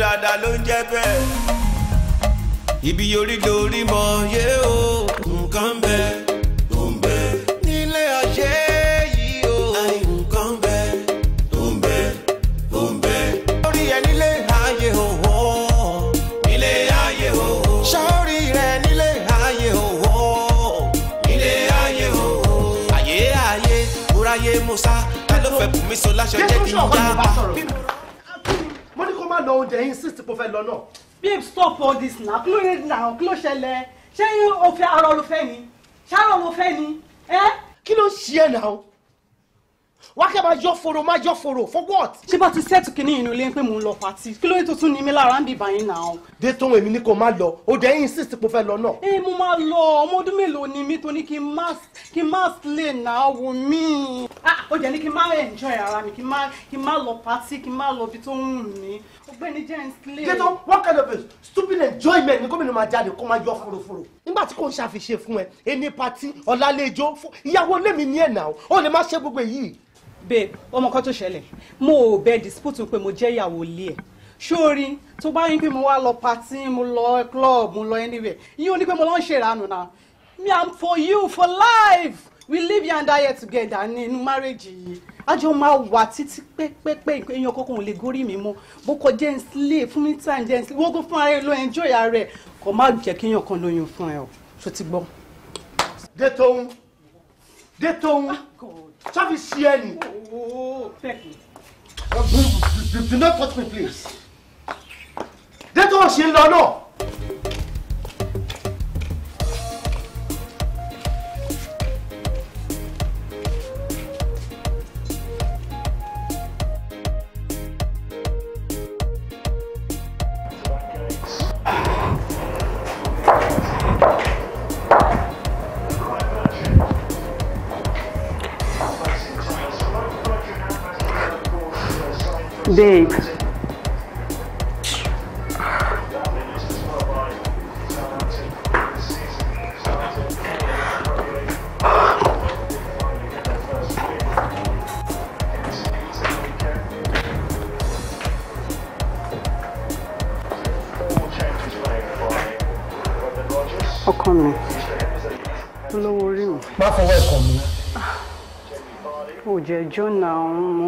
dáadáa ló ń jẹ́ bẹ́ẹ̀. ibi orí lórí mọ yé o nǹkan bẹ tó ń bẹ. nílé ọṣẹ yìí o. àì nǹkan bẹ tó ń bẹ tó ń bẹ. sórí ẹ nílé ayé òwò. nílé ayé òwò. sórí rẹ nílé ayé òwò. nílé ayé òwò. ayé ayé múráyé musa ta ló fẹ́ bùnmi sọ láṣọ jẹ́ kí n já lọ oúnjẹ insist kó fẹ́ lọ náà. babe stop all this na Close ló dé na kí ló ṣẹlẹ̀ ṣé o fẹ́ arọ ló fẹ́ ni ṣé arọ ló fẹ́ ni ẹ. Eh? kí ló ń ṣe ẹ náà wá kẹ́ máa yọ fòrò máa yọ fòrò for what. ṣé bá ti sẹ́ẹ̀tù kìíní inú ilé ń pè mò ń lọ pàtì kí ló yẹ tó tún ní mi lára ń bì báyìí náà. dé tóun èmi ní kò má lọ ó dẹ̀ insist pé fẹ́ lọ náà. ẹ mo máa lọ ọmọ ọdún mélòó ni mi tó ní kí n má kí n má lè náà wò mí. ó ah, jẹ́ ní kí n má enjoy ara mi kí n má kí n má lọ pàtì kí n má lọ ibi tó ń wù mí. ọgbẹ́ni jẹ́ ń sílé. dé tó what kind of stupid enjoyment ni gómìnà máa jáde kó máa yọ fòròfòrò nígbà tí kò ń ṣàfiṣe fún ẹ ẹni pati ọ̀làlejò ìyàwó lèmi ní ẹ̀ náà ó lè má ṣe gbogbo èyí babe ọmọ kan tó ṣẹlẹ̀ mo ò bẹ dispute pé mo jẹ́ ìyàwó ilé ẹ̀ sórí tó bá yín pé mo wá lọ party mo lọ club mo lọ anywhere yín ò ní pé mo lọ ń ṣèrànù náà me am for you for life we live here and die together ní inú marriage yìí àjọ máa wà títí pẹ́pẹ́pẹ́ èèyàn kọ́kọ́ òun lè gorí mi mọ́ bó kọ jẹ́ fún mi time jẹ́ ńsílẹ̀ wọ́n kó fún ara ẹ lọ enjoy ara ẹ kò má jẹ́ kí èèyàn kan lóyún fún ẹ o ṣó ti gbọ́. dé tóun dé tóun. Ah, Ṣáfi ṣí ẹ ni. Do not touch me please. Dẹ́tọ̀ ṣe ń lọ no? babe. ọkọ mi olówó orí mi. má fọwọ́ ẹ̀kọ́ mi. ò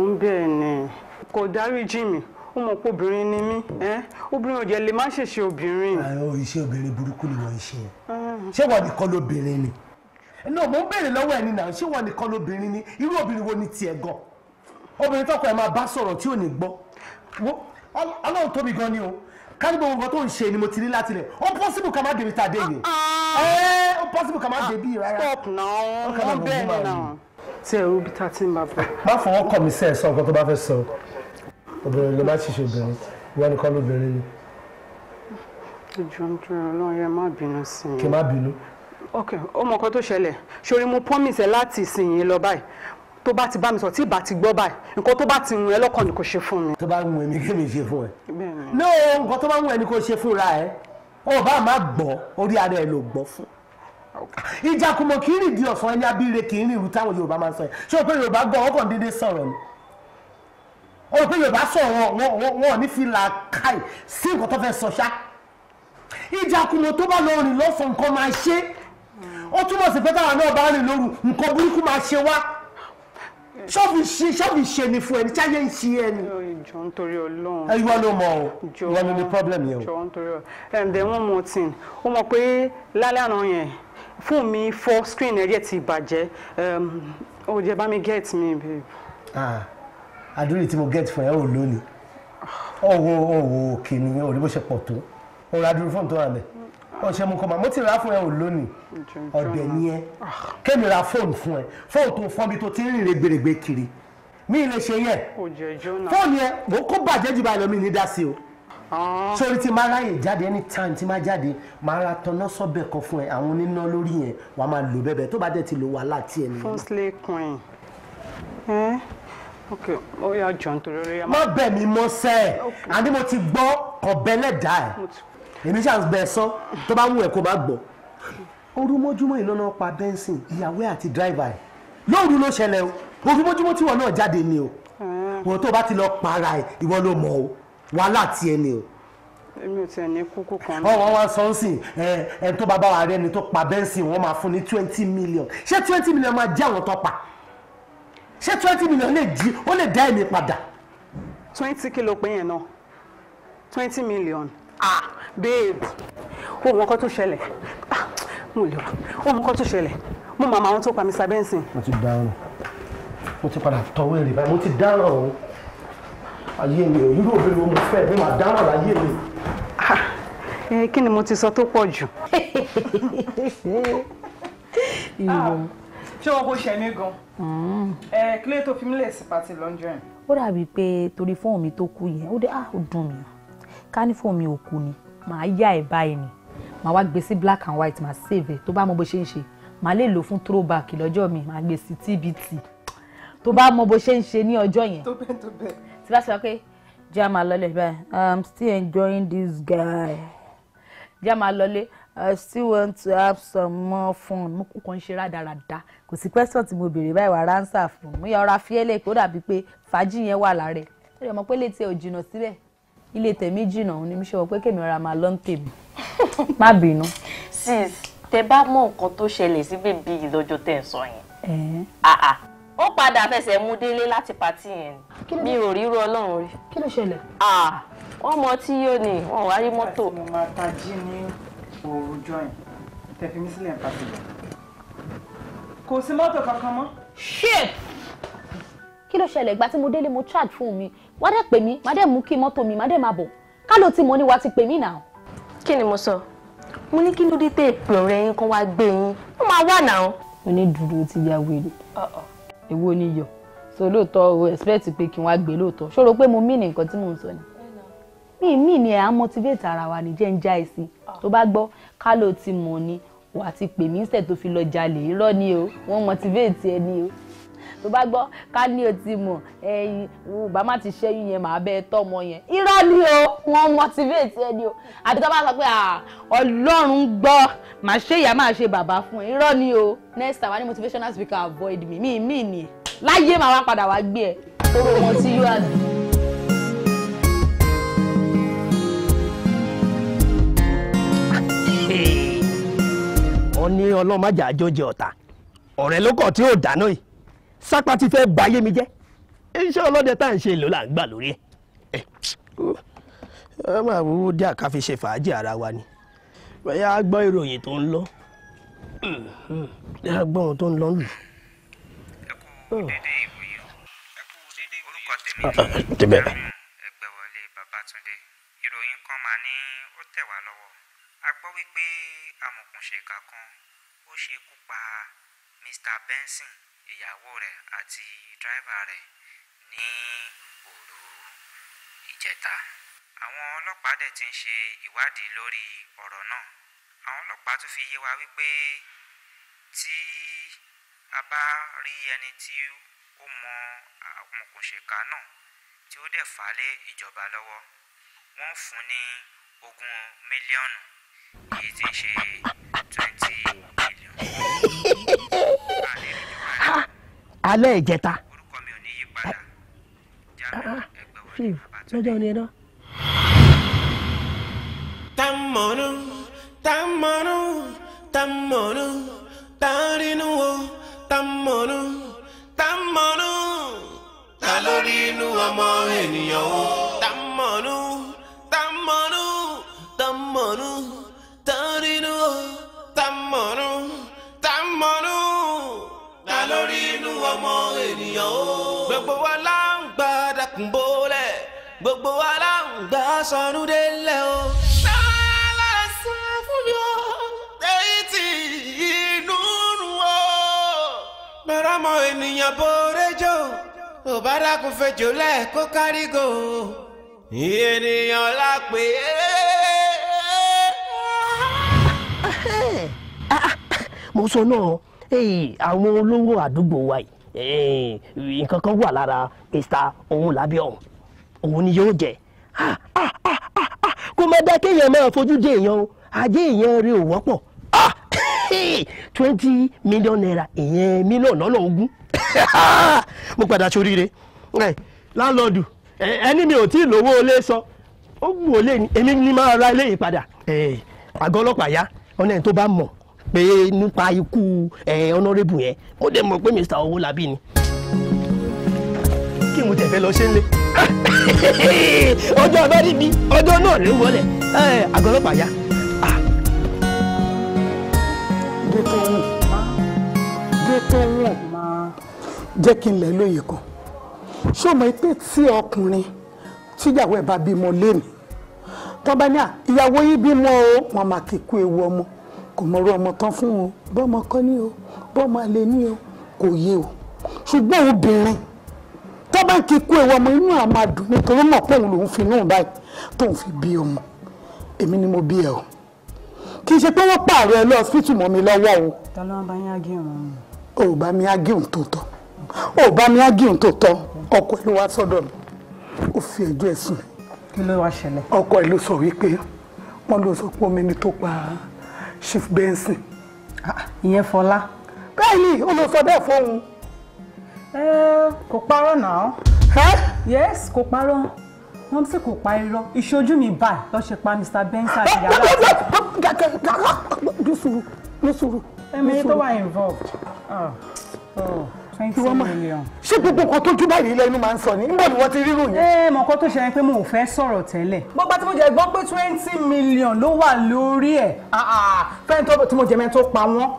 dáríjì mi ó mọ̀ pé obìnrin ni mí obìnrin ò jẹ́ lè má ṣèṣe obìnrin. iṣẹ́ obìnrin burúkú ni wọ́n ń ṣe ṣé wọ́n nìkan lóbìnrin ni náà mo ń béèrè lọ́wọ́ ẹ̀ ní náà ṣé wọ́n nìkan lóbìnrin ni irú obìnrin wo ni tiẹ̀ gan obìnrin tọkọ ẹ̀ máa bá sọ̀rọ̀ tí ò ní gbọ́ ọlọ́run tóbi gan ni o kárí gbogbo nǹkan tó ń ṣe ni mo ti rí láti rẹ̀ ó pọ́sibù ká má débi tá a dé yìí uh-uh. ẹ ó pọ́sibù ká má débi rárá. stop náà wọ́n bẹ́ẹ̀ ni náà. tí ẹ̀rú bí tá a ti ń bá má fọwọ́ kọ̀ mí sẹ́ẹ̀ sọ nǹkan tó bá fẹ́ sọ obìnrin ló má ti ṣe obìnrin wọn ni kọ́ lóbìnrin ni. ìjọ ń dúró ọlọ́run yẹn má bínú sí i. kí n má bínú. ok ó mọ nǹkan tó ṣẹlẹ̀ sórí mo promise ẹ láti ìsinyìí lọ báyìí tó bá ti bá mi sọ tí ìbá ti gbọ́ báyìí nǹkan tó bá ti rún ẹ ni kò ṣe fún mi. tó bá ń wẹ̀ mí kí mi ṣe fún ẹ. no nǹkan tó bá ń wẹ̀ ni kò ṣe fúnra ẹ ó bá má gbọ́ orí ara ẹ ló gbọ́ fún. ìjàkùmọ̀ kì í rìn di ọ̀sán ẹni abíire kì í rìn irú táwọn Yorùbá máa ń sọ yẹn ṣé o pé Yorùbá gbọ́ ọkàn déédéé sọ̀rọ̀ ni ó pé yorùbá sọ̀rọ̀ wọn ò ní fi làákàì sí nǹkan tó fẹ́ sọ ṣá ìjàkùmọ̀ tó bá lọ rìn lọ́sàn nǹkan máa ṣe ó túmọ̀ sí pé táwọn náà bá rìn lóru nǹkan burúkú máa ṣe wá ṣọ́ọ̀bù ṣe ni fún ẹni táyé ń ṣe ẹni. jọ ń torí Ọlọ́run. ẹ ìwọ ló mọ o ìwọ ló ní problem yẹn o. jọ ń torí Ọlọ́run and then one more thing ó mọ̀ pé lálẹ́ àná yẹn fún mi fọ́ screen ẹ̀rí ẹ̀ ti bàjẹ́ um, ó jẹ́ bá mi get me babe. Ah àdúrà tí mo get fún ẹ ò lónìí ọwọ́ ọwọ́ òkè mi ò rí bó ṣe pọ̀ tó ọ̀rọ̀ àdúrà fóònù tó wà bẹ̀ ọ̀ṣẹ́ mu kọ́ mà mo ti rà fún ẹ ò lónìí ọ̀dẹ̀ ni ẹ kémi ra fóònù fún ẹ fóònù tó fọ́n mi tó ti ń rìn rẹ̀gbẹ̀rẹ̀gbẹ̀ kiri mi lè ṣe yẹ fóònù yẹn mo kó bàjẹ́ jù báyìí lọ mi ní dá sí o ah. sórí tí máa ráyè jáde anytime tí máa jáde máa ra tọ́nà sọ́bẹ̀ kan fún ẹ àwọn oníná lórí yẹn wàá máa lò bẹ́ẹ̀ bẹ́ẹ̀ tó bá dẹ̀ ti lò wàhálà tiẹ̀ nìyẹn. firstly queen. Eh? ok ó yà jọ nítorí ó yà má. má bẹ̀ mí mọ́ sẹ́ ẹ̀ àní mo ti gbọ́ ọ̀bẹ lẹ́dàá ẹ̀ èmi ṣáà bẹ̀ sọ tó bá wù ẹ̀ kó bá gbọ́. orúmọ́júmọ́ iná pa benson ìyàwó àti dráìvà ẹ̀ lóòru ló ṣẹlẹ̀ o orúmọ́júmọ́ tíwọ náà jáde ni o eh. wọn tó bá ti lọ para ẹ̀ ìwọ ló mọ̀ o wàhálà tiẹ̀ ni o èmi ò tiẹ̀ ní kúkú kan. ọwọ́ wa sọ ń sìn ẹ ẹ tó bá bá wa rẹ ni tó pa bẹ́ńsì wọn máa fún ní twenty million ṣé twenty million máa jẹ́ àwọn tó pa ṣé twenty million lè jí ó lè dá èmi padà. twenty kilo pé yẹn náà twenty million ah babe ohun ọkọ tó ṣẹlẹ̀ ah mo lè ohun ọkọ tó ṣẹlẹ̀ mo mọ àwọn tó pa mr benson. mo ti dáhùn mo ti padà tọwọ́ èrè báyìí mo ti dáhùn ọ̀hún ayé mi ò yúrò òbí wo mo fẹ́ mi máa dáhùn láyé mi. Ah, eh, kí ni mo ti sọ tó pọ̀ jù. ìwọ ṣé wọn kò ṣẹ mí gan. Hmm. ẹ kílẹ̀ tó fi mí lè sí pàtì lọ́njọ́ yẹn. ó dàbí pé torí fóònù mi tó kú yẹn ó dé ah ó dùn mí ká ní fóònù mi ò kú ni màá yá ẹ̀ báyìí ni màá wá gbé sí black and white màá save ẹ̀ tó bá mọ bó ṣe ń ṣe màá lè lò fún throwback lọ́jọ́ mi màá gbé sí tbt tó bá mọ bó ṣe ń ṣe ní ọjọ́ yẹn. tó bẹ́ẹ̀ tó bẹ́ẹ̀. tí bá sọ pé jẹ́ àmà lọlé báyìí i'm um, still enjoying this guy jẹ́ àmà lọlé. I still want to have some more fun. Mo kú kan ṣe rádaràda. Kò sí question tí mo béèrè báyìí wà ránṣà fún. Mo yọra fiẹ́lẹ̀ kó dàbí pé fàájì yẹn wà lára ẹ̀. Ó lè mọ pé létí ò jìnnà síbẹ̀. Ilé tẹ̀mí jìnnà ni mo ṣe wọ pé kèmi ọ̀rá máa lọ́n tèmi. Má bínú. Sis, tẹ bá mọ nǹkan tó ṣẹlẹ̀ sí bèbí ìlọ́jọ́ tẹ̀ ń sọ yẹn. Ó padà fẹsẹ̀ mú délé láti patí yẹn. Mi ò ríru Ọlọ́run rí. Kí ló ṣẹlẹ̀? Wọ́n tí yóò ní, wọ́n wá rí mọ́tò o join tẹ̀fí mi sílẹ̀ nípa sílẹ̀ kò sí mọ́tò kankan shit Kilo ló ṣẹlẹ̀ ìgbà tí mo délé mo charge fún mi wá dẹ̀ pè mí má dẹ̀ mú kí mọ́tò mi má dẹ̀ máa bọ̀ ká ló ti mọ ní wa ti pè mí náà. kí mo so? mo ni kini ló dé tẹ èpè ọ̀rẹ́ yín kan wá gbé yín ó máa wà mo ni dúró ti ya wèrè èwo ni yọ so lóòótọ́ to expect pé kí n wá gbé lóòótọ́ ṣòro pé mo mí ní nǹkan tí mò ni mi mi ni ẹ̀ á motivate ara wa ní jẹ́ ń já èsì ah. tó bá gbọ́ ká ló ti mọ̀ ni wà á ti pè mí sẹ̀ tó fi lọ jalè irọ́ ni o wọ́n motivate ẹ ni o tó bá gbọ́ ká ní ti mọ̀ ẹyin bá má ti ṣẹ́yún yẹn màá bẹ́ẹ̀ tọ́mọ yẹn irọ́ ni o wọ́n motivate ẹ ni o àbí tó bá sọ pé ọlọ́run gbọ́ màá ṣe ìyá màá ṣe bàbá fún ẹ irọ́ ni o next time wà ní motivational speaker avoid me mi mi ni láyé màá wá padà wá gbé ẹ tó rò wọn sí yóò àdùn. ó ní ọlọ́mọjà àjọjẹ ọ̀tá ọ̀rẹ́ ló kọ̀ tí ó dáná yìí sápá ti fẹ́ ba ayé mi jẹ́ iṣẹ́ ọlọ́dẹ tá à ń ṣe ló là ń gbà lórí ẹ̀. ẹ máa wúwo dí àkáfi ṣe fàájì ara wa ni bẹ́ẹ̀ á gbọ́ ìròyìn tó ń lọ ẹ á gbọ́ ohun tó ń lọ lù. ẹ ìròyìn kan mà ní ó tẹ̀ wá lọ́wọ́ a gbọ́ wípé amòkùnṣèkà kan ó ṣekú pa Mr. Benson ìyàwó rẹ̀ àti dírẹ́fà rẹ̀ ní òru ìjẹta àwọn ọlọ́pàá dẹ̀ ti ń ṣe ìwádìí lórí ọ̀rọ̀ náà àwọn ọlọ́pàá tún fi yé wa wípé tí a bá rí ẹni tí ó mọ àmọ̀kùnṣèkà náà tí ó dẹ̀ fà á lé ìjọba lọ́wọ́ wọ́n fún ní ogún mílíọ̀nù èyí tí ń ṣe twenty Ah, alẹ́ ìjẹta. orúkọ mi ò ní yí padà tamọ́nù tamọ́nù tamọ́nù tárínú wo. sọnù délẹ̀ o. sálà sọ fún mi o. lẹ́yìn tí inú nù o. bẹ́rẹ̀ mọ ènìyàn bóore jò ò bá dákun fẹjọ lẹ́ẹ̀kọ́ kárígò ènìyàn lápè é. mo sọ náà eh, àwọn olówó àdúgbò wa yìí eh, nǹkan kan wà lára mr ohun lábẹ́ ọ̀hún òun ni yóò jẹ ah, ah, má dá kéèyàn máa fojú dé èèyàn o ajé èèyàn rí ò wọ́pọ̀ ah! twenty million naira ìyẹn mílíọ̀nù lọ́nà ogún mo padà láńlọ́ọ̀dù ẹni mi ò tí ì lówó olé sọ ó wù emi lé èmi ni máa ra eléyìí padà àgọ́ ọlọ́pàá yá ọ̀nà ẹ̀ tó bá mọ̀ pé nípa ikú ọ̀nọ́rẹ́bù yẹn ó dẹ̀ mọ̀ pé Mr. kí n tẹ̀fẹ́ lọ ṣe ń lé ọjọ́ abẹ́rẹ́ bí ọjọ́ náà ló wọlé àgọ́ ọlọ́pàá yá. jẹ́ kí n lẹ̀ lóye kan ṣé o mọ̀ pé tí ọkùnrin tíyàwó ẹ̀ bá bímọ lémi tó ìyàwó yìí bímọ o wọn máa kí kú ewu ọmọ kò mọ̀rú ọmọ tán fún o bọ́mọ kọ́ ní o bọ́mọ alẹ́ ní o kò yé o ṣùgbọ́n obìnrin tó bá ti kú ewu ọmọ inú àmọ́ àdùn nítorí mọ̀ pé òun lòún fi inú báyìí tóun fi bí ọmọ èmi ni mo bí ẹ o kì í ṣe pé wọ́n pààrọ̀ ẹ lọ́ọ́sìtì mọ́ mi lọ́wọ́ o. tọ́lá bá yín ágìrùn. ò bá mi ágìrùn tó tọ́ ò bá mi ágìrùn tó tọ́ ọkọ ẹ ló wá sọ́dọ̀ mi ó fi ẹjọ́ ẹ sùn. kí ló wá ṣẹlẹ̀. ọkọ ẹ ló sọ wípé wọ́n ló sọ pé omi ni tó pa chief benson. Ah, ìyẹn fọlá. bẹ́ẹ̀ ni ó lọ sọ bẹ́ẹ̀ Eh, kò parọ́ náà. yes kò parọ́ wọ́n sì kò pa irọ́ ìṣojú mi bá lọ ṣe pa Mr. Benson àti yàrá àti. ní sùúrù ní sùúrù. ẹ̀mí tó wà involved ah, oh, twenty million. ṣé gbogbo nǹkan tó jú báyìí lẹ́nu máa ń sọ ni nígbà tí wọ́n ti rírò yẹn. ẹ eh, mọ nǹkan tó ṣẹlẹ̀ pé mo ò fẹ́ sọ̀rọ̀ tẹ́lẹ̀. mo gbà tí mo jẹ gbọ́ pé twenty million ló wà lórí ẹ̀ ah, ah, fẹ́ẹ́ tí mo jẹ mẹ́rin tó pa wọ́n.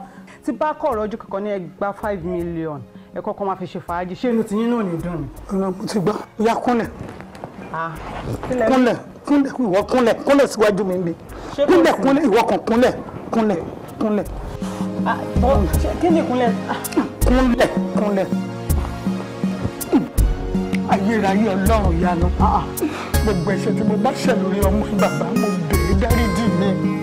tí bá kọ̀ ọ̀rọ̀ ojú kankan ní ẹgbàá five million ẹ kọ́kọ́ máa fi ṣe fàájì ṣé inú tiyín náà ní dùn. ọlọ́run ti gbọ́ ya ah, kúnlẹ̀ kúnlẹ̀ kúnlẹ̀ ìwọ kúnlẹ̀ kúnlẹ̀ síwájú mi bi kúnlẹ̀ kúnlẹ̀ ìwọ kan kúnlẹ̀ kúnlẹ̀ kúnlẹ̀. Ah, kí ni ah. kúnlẹ̀. kúnlẹ̀ ayérayé ọlọ́run yanu gbogbo ẹ̀ṣẹ̀ tí mo bá ṣẹ̀ ọmọ bàbá mo bèé dáríjì mi.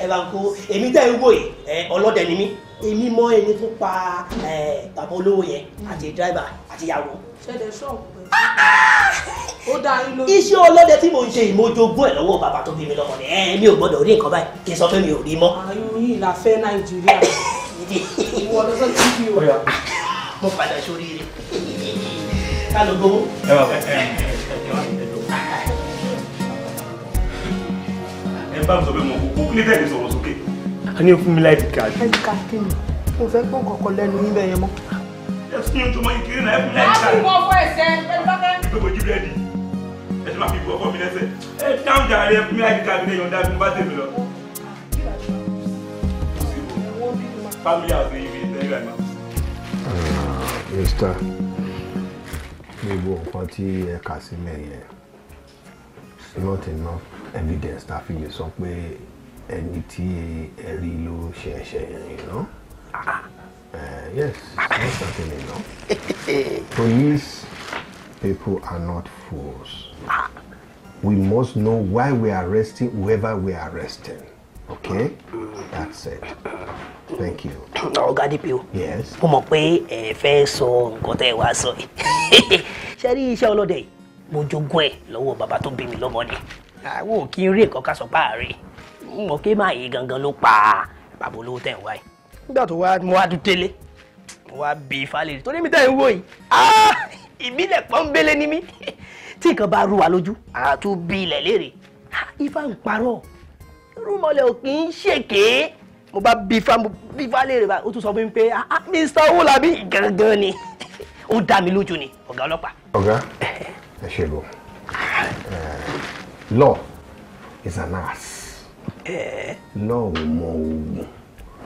ẹ bá ń kó èmi tẹ́ ń wò yìí ọlọ́dẹ ni mí èmi mọ ẹni tó pa bàbá olówó yẹn àti dírẹ́bà àti ìyàwó. ṣẹlẹ ṣọọbù ah, ah! ó dá yín lórí. iṣẹ́ ọlọ́dẹ tí mo ń ṣe ìmójógún ẹ̀ lọ́wọ́ bàbá tó bí mi lọ́mọdé ẹ mi ò gbọ́dọ̀ rí nǹkan báyìí kí n sọ pé mi ò rí mọ́. àyùn yìí la fẹ́ nàìjíríà ìwọ lọ́sọ̀ tí kì í wọ̀. mo padà sórí rẹ̀ ká ló gbowó. ẹ bá mi sọ pé mo kúkú a ní o fún mi láì fi káàdì. láì fi káàdì mi mo fẹ́ gbọ́n kọ̀ọ̀kan lẹ́nu yín bẹ́ẹ̀ yẹn mọ́. ẹ fún mi ojúmọ́ ìkiri náà ẹ fún mi láì fi káàdì. láti wọ fún ẹsẹ̀ pẹ̀lú bá fẹ́. ìgbẹ́ bojú rẹ di ẹ ti máa fi ìwọ fọ́ mi lẹ́sẹ̀ ẹ dáhùn jàre ẹ fún mi láì fi káàdì náà yọ̀ǹda mi bá tèmi lọ. family house yìí mi ní tẹ́lẹ̀ náà. Mr. Níbo nǹkan tí ẹ kà sí mẹ́yẹn not enough evidence ta fi lè sọ pé ẹni tí ẹ rí ló ṣe ẹ̀ṣẹ̀ yẹn you know. Ah, eh, yes, that's something enough. Police people are not fools. We must know why we are arresting whoever we are arresting. Okay? That's it. Thank you. Ọ̀gá DPO. Yes. Mo mọ̀ pé ẹ fẹ́ sọ nǹkan tẹ́ ẹ wá sọ yìí. Ṣé rí iṣẹ́ ọlọ́dẹ yìí? mo jogún ẹ̀ lọ́wọ́ bàbá tó bí mi lọ́mọdé àwọn ò kí ń rí nǹkan ká sọ páàrí mo ké máa yé gangan ló pa bàbá olówó tẹ̀ ń wáyé nígbà tó wá mo wá dún tẹ́lẹ̀ mo wá bí falẹ̀ torí mi tẹ̀ ń wò yìí ah! ìbílẹ̀ pọ́ńbélé ni mí tí nǹkan bá rú wa lójú àtúbí ilẹ̀ léèrè ah! ifá ń parọ́ rúmọlẹ̀ ò kì í ṣèké mo bá bí ifá mo bí ifá léèrè bá ó tún sọ fún mi pé ah, mr owó làbí gangan ni ó dá mi lójú ni ọ̀gá ọlọ́pàá. ọ̀gá ẹ ṣe eh, law is an ass eh. law mo. mọ oògùn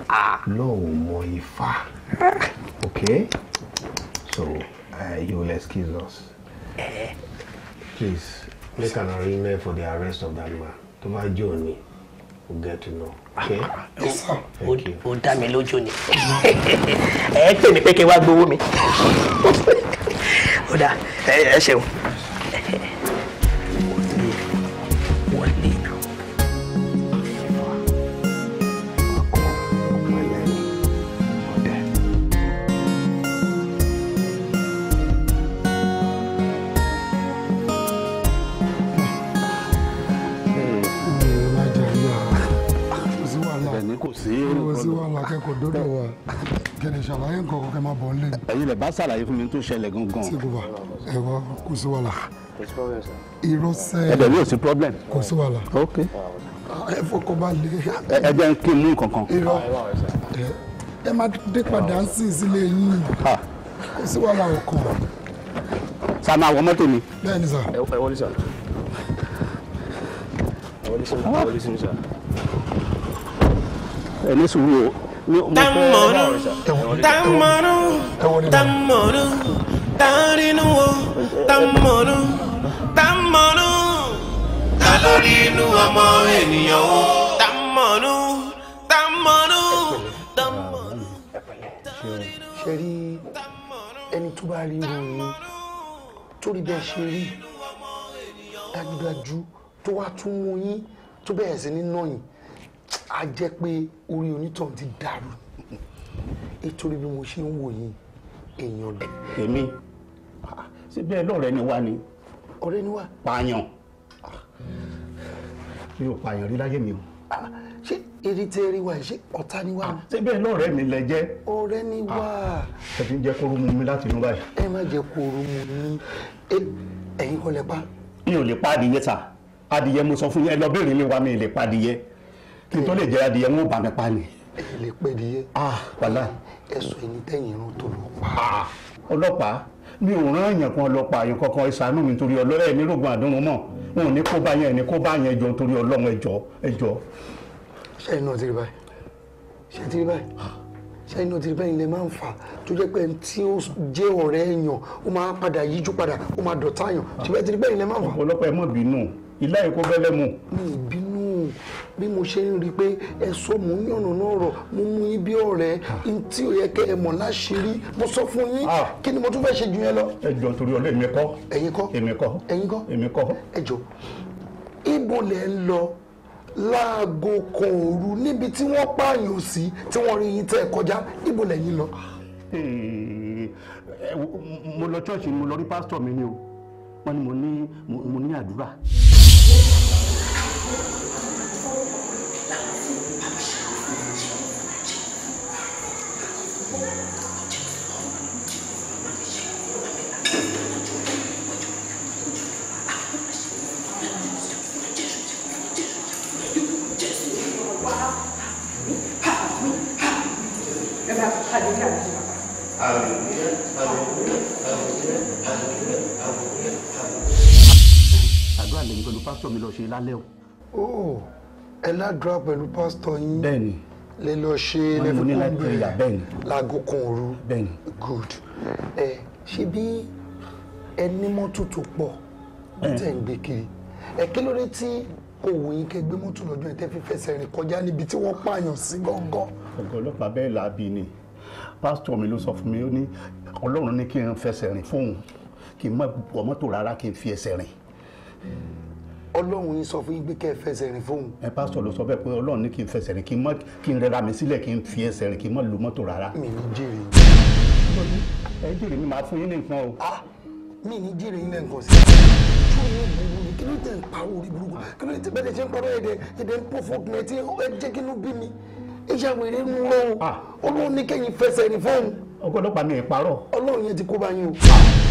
ah. law mo ifa. Eh. okay so uh, you will excuse us please make an arrangement for the arrest of that man To my journey, òní we'll get to know. Okay. Yes, sir. Thank you. ó dá mi lójú ni ẹ pè mí pé kí n wá gbowó mi. Udah, eh, eh, siu. kò sí wàhálà kẹ́kọ̀ọ́ dọ́dọ̀ wa. kẹlẹ ṣàlàyé nǹkan kọkẹ máa bọ̀ nílé. ẹ̀yin lè bá ṣàlàyé fún mi tó ṣẹlẹ̀ gangan. sèkúba ẹwọ kò sí wàhálà. irọ́ sẹ́. ẹ̀dẹ̀ yóò sí problem. kò sí wàhálà. ok. ẹ fọkànbalẹ̀. ẹ jẹ́ kí n mú nǹkankan. irọ́ ẹ máa dé padà sí ìsílẹ̀ yín kò sí wàhálà ọkàn. sa máa wọ mọ́tò mi. bẹ́ẹ̀ ni sà. ẹ wọlé sà. ẹ wọlé sà. ẹ ní sùúrù o tamọ̀nù tamọ̀nù tamọ̀nù tarinuwo tamọ̀nù tamọ̀nù ta lórí inú ọmọ ènìyàn o tamọ̀nù tamọ̀nù tamọ̀nù ṣẹ̀rí ẹni tó bá rí ìròyìn tó rí bẹ́ẹ̀ ṣe rí dájúdájú tó wá tún mú yín tó bẹ̀rẹ̀ sí ní náà yìí a jẹ́ pé orí onítọ̀hún ti dàrú nítorí bí mo ṣe ń wò yìí èèyàn lọ. èmi ṣé bẹ́ẹ̀ lọ́rẹ́ ni wá ni. ọ̀rẹ́ ni wá. pààyàn mi ò pààyàn rí láyé mi o. ṣé eré tẹ eré wa ṣé ọ̀tá ni wá. Ah, ṣé bẹ́ẹ̀ lọ́rẹ́ mi lẹ jẹ́. ọ̀rẹ́ ni wá. Ah, ẹ ti ń jẹ kóró mu mi láti inú báyìí. ẹ má jẹ kóró mu mi ẹ̀yin kọ́ lẹ pa. mi ò lè pa adìyẹ ta adìyẹ mo sọ fún yín ẹ lọ bẹ̀rẹ̀ mi wá mi lè pa adìyẹ kí n tó lè jẹ́ adìyẹ wọn ò bá mi pa ni. ẹ lè pẹ́ di yẹ. ah wàhálà. ẹ̀sùn ẹni tẹ̀yìn irun tó lọ pa. Ah, ọlọ́pàá mi ò rán èèyàn kan lọ pa àyàn kankan ìsàánú mi torí ọlọ́rẹ́ ẹ̀ nírògùn àdúrún mọ̀ n ò ní kó bá yẹn ní kó bá yẹn jọ torí ọlọ́run ẹjọ́ ẹjọ́. sẹ́yìn náà ti rí báyìí sẹ́yìn ti rí báyìí sẹ́yìn ah. náà ti rí báyìí ilẹ̀ máa ń fà tó jẹ́ pé tí ó jẹ́ ọ̀rẹ́ èèyàn ó máa padà yíjú padà ó máa dọ̀tá èèyàn ṣùgbọ́n ti rí báyìí ilẹ̀ máa ń yìí bí mo ṣe ń rí i pé ẹ̀sọ́ mò ń yànnà náà rọ̀ mo mú yín bí ọ̀rẹ́ tí ò yẹ kẹ́ ẹ mọ̀ láṣìírí mo sọ fún yín ah. kí ni mo tún fẹ́ ṣe ju yẹn lọ. ẹ torí ọlọ èmi kọ́ ẹ̀yin kọ́ èmi kọ́ ẹ̀yin kọ́ èmi ibo lẹ ń lọ láago kan òru níbi tí wọ́n pààyàn sí tí wọ́n rí yín tẹ́ kọjá ibo lẹ́yìn lọ. Eh, eh, mo lọ ṣọ́ọ̀ṣì mo lọ rí pásítọ̀ mi ni o wọ́n ní mo ní àdúrà àdúrà ẹ ládùúrà pẹ̀lú pásítọ̀ yín. bẹ́ẹ̀ni lè lọ ṣe lẹ́fún bẹ́ẹ̀ láago kan òru good ẹ ṣe bí ẹ ní mọ́tò tó pọ̀ bí tẹ̀ ń gbé kiri ẹ kí ló dé tí òwò yín kẹ gbé mọ́tò lọ́jọ́ ẹ tẹ́ fi fẹsẹ̀ rìn kọjá níbi tí wọ́n pààyàn sí gángan. ọ̀gá ọlọ́pàá bẹ́ẹ̀ làábì ni pásítọ̀ mi ló sọ fún mi ó ní ọlọ́run ní kí n fẹsẹ̀ rìn fóun kí n má wọ mọ́tò rárá kí n fi ẹsẹ̀ rìn. Mm ọlọ́run yín sọ fún yín pé kẹ́ ẹ fẹsẹ̀ rìn fóun. ẹ pásítọ̀ ló sọ bẹ́ẹ̀ pé ọlọ́run ní kí n fẹsẹ̀ rìn kí n má kí n rẹra mi sílẹ̀ kí n fi ẹsẹ̀ rìn kí n má lo mọ́tò rárá. mi ní jèrè yín. ẹ jèrè mi máa fún yín ní nǹkan o. ah mi ní jèrè yín lẹ́ǹkan sí i. kí ló dé ìpàwọ̀ orí burúkú kí ló dé bẹ́ẹ̀ ṣe ń parọ́ èdè èdè ń pọ̀ fún ọkùnrin ọgọ́ ọlọ́pàá mi ẹ̀ parọ́. ọlọ́run yẹn ti kó bá yín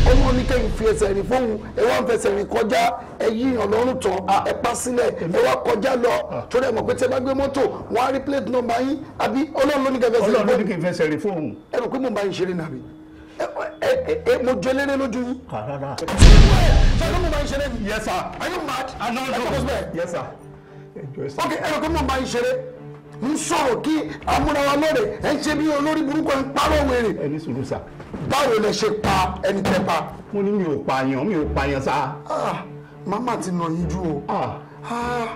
o ọlọ́run ní kẹ́yìn fi ẹsẹ̀ rìn fóun ẹ wá ń fẹsẹ̀ rìn kọjá ẹ yí ọlọ́run tán ẹ pa sílẹ̀ ẹ wá kọjá lọ ah. torí ẹ mọ̀ pé tí ẹ bá gbé mọ́tò wọn á rí plate number yín àbí ọlọ́run ló ní kẹ́ fẹsẹ̀ rìn fóun. ọlọ́run ló ní kẹ́ fẹsẹ̀ rìn fóun. ẹ rò pé mo bá yín ṣeré nàbí mo jẹ léré ah, ah, ok ẹ rò pé mo máa ń ṣeré ń sọ̀rọ̀ kí amúnáwá lóore ẹ̀ ń ṣe bí olórí burúkú ẹ̀ ń parọ́ wèrè. ẹni sùúrù sà. báwo lẹ ṣe pa ẹni tẹ pa. mo ní mi ò pààyàn mi ò pààyàn sá. Ah, màmá ti nà yín jù o. Ah. Ah,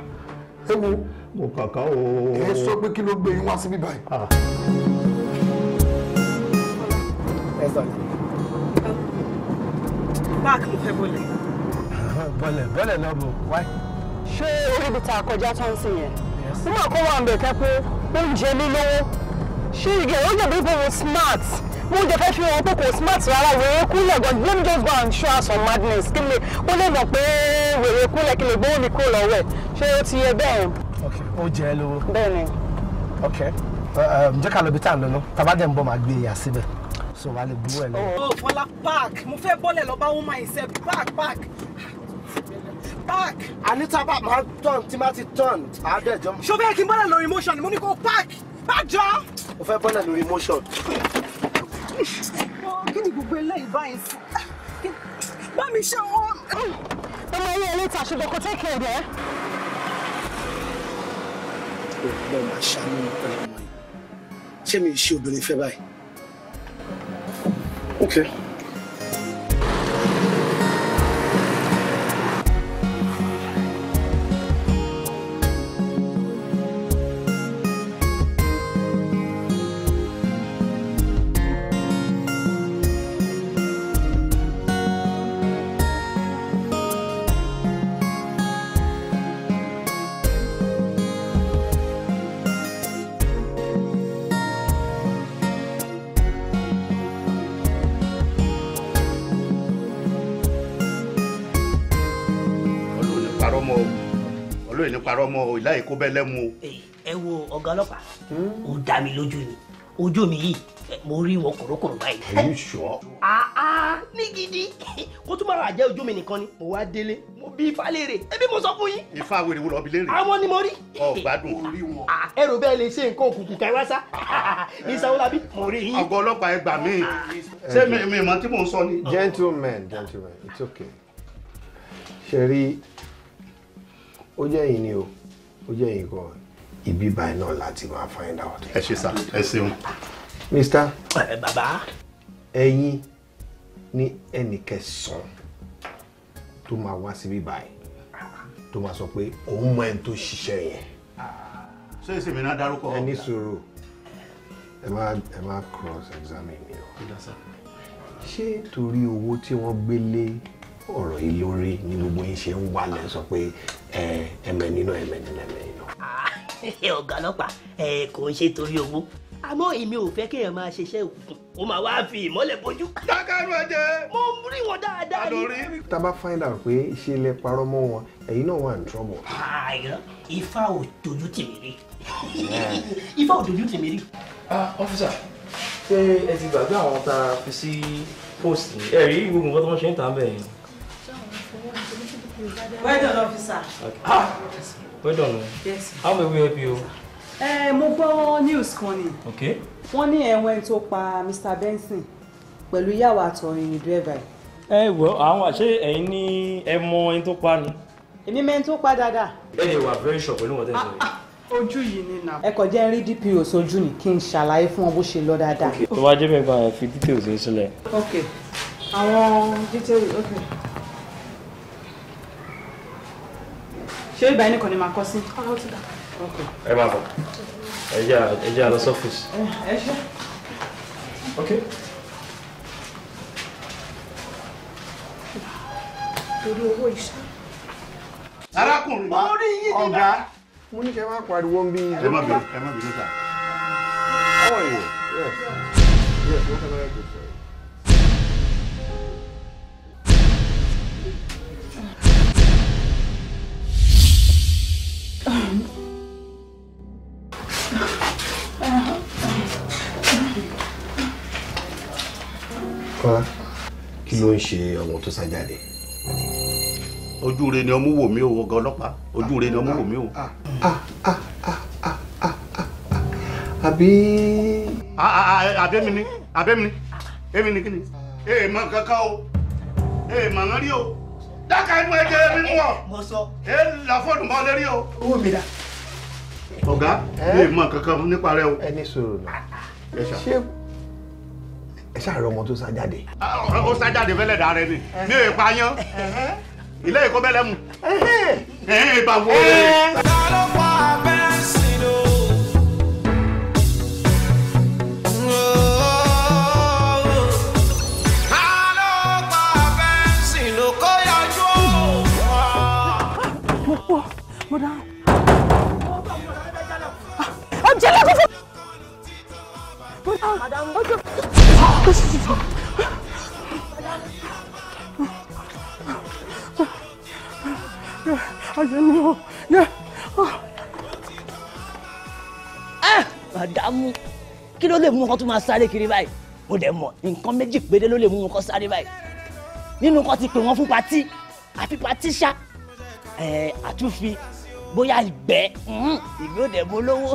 ẹ wo. mo kàkà o. ẹ sọ pé kí ló gbé yín wá síbí báyìí. ẹ sọ ni. báàkì mo fẹ́ bọ́lẹ̀. bọ́lẹ̀ bọ́lẹ̀ lọ́bù wáyé. ṣé orí ibi tá a kọjá tó ń sìn yẹn nígbà kó wà nbẹ̀ ká pé oúnjẹ lílówó ṣé ìgẹ̀ ó jẹ̀bi pé mo smart mo jẹ fẹ́ fi hàn pé kò smart rárá wèrè kúlẹ̀ gan let me just go and show her some madness kí lè kó lè mọ̀ pé wèrè kúlẹ̀ kí lè gbówó mi kúrò lọ́wọ́ ẹ̀ ṣé ó ti yẹ bẹ́ẹ̀. ok ó jẹ ẹ lówó. bẹ́ẹ̀ni. ok jẹ́ ká lọ bí tá à ń lọ náà tàbá so wàá lè gbówó ẹ lọ. o oh, Fọlá mo fẹ́ bọ́lẹ̀ lọ bá woman ìṣe park park park. àní tábà máa tán tí máa ti tán àádẹ́jọ́. ṣó fẹ́ kí n bọ́lẹ̀ lórí motion ni mo ní kó park bájọ́. mo fẹ́ bọ́lẹ̀ lórí motion. kí ni gbogbo eléyìí báyìí sí? bá mi ṣe wọ́n. ọmọ ilé ilé ta ṣùgbọ́n kò tẹ́ kéde ẹ́. ọ̀pọ̀ máa ṣàánú pẹ̀lú ọmọ yìí ṣé mi ṣe obìnrin fẹ́ báyìí. okay. olóyè nípa ọmọ ìláyè kó bẹ́ẹ̀ lẹ́mu o. ẹ wo ọ̀gá ọlọ́pàá ó dá mi lójú ni ojú mi yìí mo rí wọn kòrókòrò báyìí. are you sure? àá ní gidi kó tún bára àjẹ́ ojú mi nìkan ni mo wá délé mo bí ifá léèrè ẹbí mo sọ fún yín. ifá wèrè wo lọ bí léèrè. àwọn ni mo rí. ọ gbádùn orí wọn. ẹrù bẹ́ẹ̀ lè ṣe nǹkan òkùnkùn kan wá sá ní sanwó-labí mo rí yín. ọgọ ọlọ́pàá ẹ gbà mí ṣé mi mọ tí mò ń sọ ni. gentleman gentleman it's okay ṣe rí ó jẹ́ yìí ni o ó jẹ́ yìí gan ibi báyìí náà láti máa find out. ẹ ṣe sá ẹ ṣeun. mr. ẹ bàbá. ẹ̀yin ní ẹnì kẹsàn-án tó máa wá síbí báyìí tó máa sọ pé òun mọ ẹni tó ṣiṣẹ́ yẹn. ṣé èsì mi náà dárúkọ. ẹ ní sùúrù ẹ má ẹ má cross examine mi o. ṣé torí owó tí wọ́n gbé lé ọ̀rọ̀ yìí lórí ni gbogbo yín ṣe ń wálẹ̀ sọ pé Eh, ẹ̀mẹ̀ nínú ẹ̀mẹ̀ nínú ẹ̀mẹ̀ nínú. Ah, ọ̀gá ọlọ́pàá kò ń ṣe torí owó àmọ́ èmi ò fẹ́ kéèyàn máa ṣiṣẹ́ òkùnkùn ó máa wá fi ìmọ́lẹ̀ bójú. dákàrú ẹ̀jẹ̀. mo ń rí wọn dáadáa ni. tá a bá find out pé ṣe lè parọ́ mọ́ wọn ẹ̀yin náà wà ní trouble. àìrọ ah, ifá ò dojú tì mí rí ifá ò dojú tì mí rí. ọ́fíìsà ah, ṣé ẹ ti gbàgbé àwọn tá a fi sí post ẹ rí gbogbo nǹkan tó wọ́n ṣe ń tà ń bẹ̀ yẹn. Well done, officer. Ah, well done. Yes. How may we help you? Eh, mo news kan Okay. Okay. Wọ́n ní ẹ̀wọ̀n tó pa Mr. Benson pẹ̀lú ìyàwó àtọ̀rìn ìdúrẹ́bà yìí. Ẹ wọ àwọn àṣẹ ẹ̀yin ní ẹ mọ ẹni tó pa ni. Èmi mẹ́ni tó pa dáadáa. Ẹ lè wà very sure pẹ̀lú wọn tẹ̀sán yìí. Ah, ah, ojú yìí ni nà. Ẹ kò jẹ́ rí DPO sójú ni kí n ṣàlàyé fún wọn bó ṣe lọ dáadáa. Tó wá jẹ́ mẹ́gbàá ẹ fi details yín sílẹ̀. Okay. Àwọn details okay. ṣé ibà yín nìkan ni màá kọ́ sí. ẹ máa bọ̀ ẹ jẹ́ àlọ́ sọ́fíìsì. ẹ ṣe. ok. torí owó ìṣá. arákùnrin wa ọ̀gá mo ní kí ẹ má pariwo ń bí yẹn. ẹ má bínú ẹ má bínú ta. ọ̀yẹ̀ yẹ̀ tó Kọ́lá, kí ló ń ṣe ọmọ tó sá jáde? Ojú rẹ ni ọmú wò mí o, ọ̀gá ọlọ́pàá. Ojú rẹ ni ọmú wò mí o. Àbí. Àbẹ́mi ni, àbẹ́mi ni, èmi ni kí ni? Èèmọ̀ eh, kankan o, èèmọ̀ eh, rán rí o dáka inú ẹ̀jẹ̀ mímú ọ. mo sọ. ẹ là fóònù mọ lérí o. owó mi dà. ọ̀gá mi ì mọ kankan nípa rẹ o. ẹ ní sùúrù náà ṣé ẹ ṣàárọ̀ ọmọ tó sá jáde. ó sá jáde fẹ́lẹ̀ dà rẹ ni mi ò pa yán ilé ìkó bẹ́lẹ̀ mu. ìbàwọ̀ rẹ. kan tún máa sáré kiri báyìí ó dẹ̀ mọ̀ nǹkan méjì péré ló lè mú wọn kọ́ sáré báyìí nínú kan ti pè wọ́n fún patí àfi patí ṣá ẹ̀ àtúnfi bóyá ìgbẹ́ hmm, ìgbẹ́ ò dẹ̀ mọ́ lówó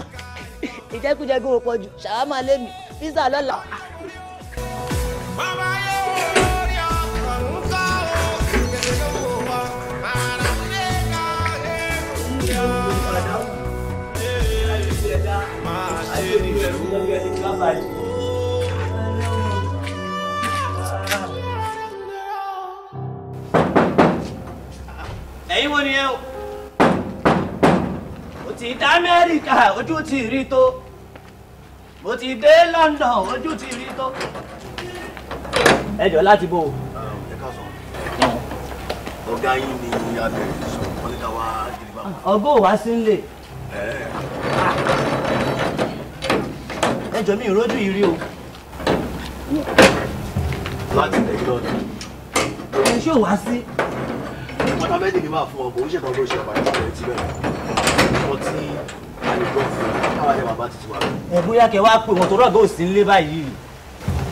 ìjẹkújẹ gbé pọ̀ jù ṣàwámà lémi písà lọ́la. outside. ẹ̀yin wo ni ẹ o mo ti dá amẹ́ríkà ojú ti rí tó mo ti dé london ojú ti rí tó ẹ jọ láti bò ẹ ká sọ ọ̀gá yín ni abẹ́rẹ́ sọ wọ́n ní ká wá gírí bá. ọgọ́ wa sí ń lè ẹjọ́ mi ìrójú yìí rí o. láti lè yọ ni. ẹ ṣé ò wá sí. ọ̀dà méjì ni máa fún ọ kò ń ṣètò ọgbọ́n ìṣẹ̀lẹ̀ àti ìṣẹ̀lẹ̀ tí bẹ́ẹ̀ ọmọ tí a lè gbọ́ fún un káwá yẹ bàbá ti ti wà. ẹ bóyá kẹ wá pé wọn tó rọgbẹ òsì ńlé báyìí.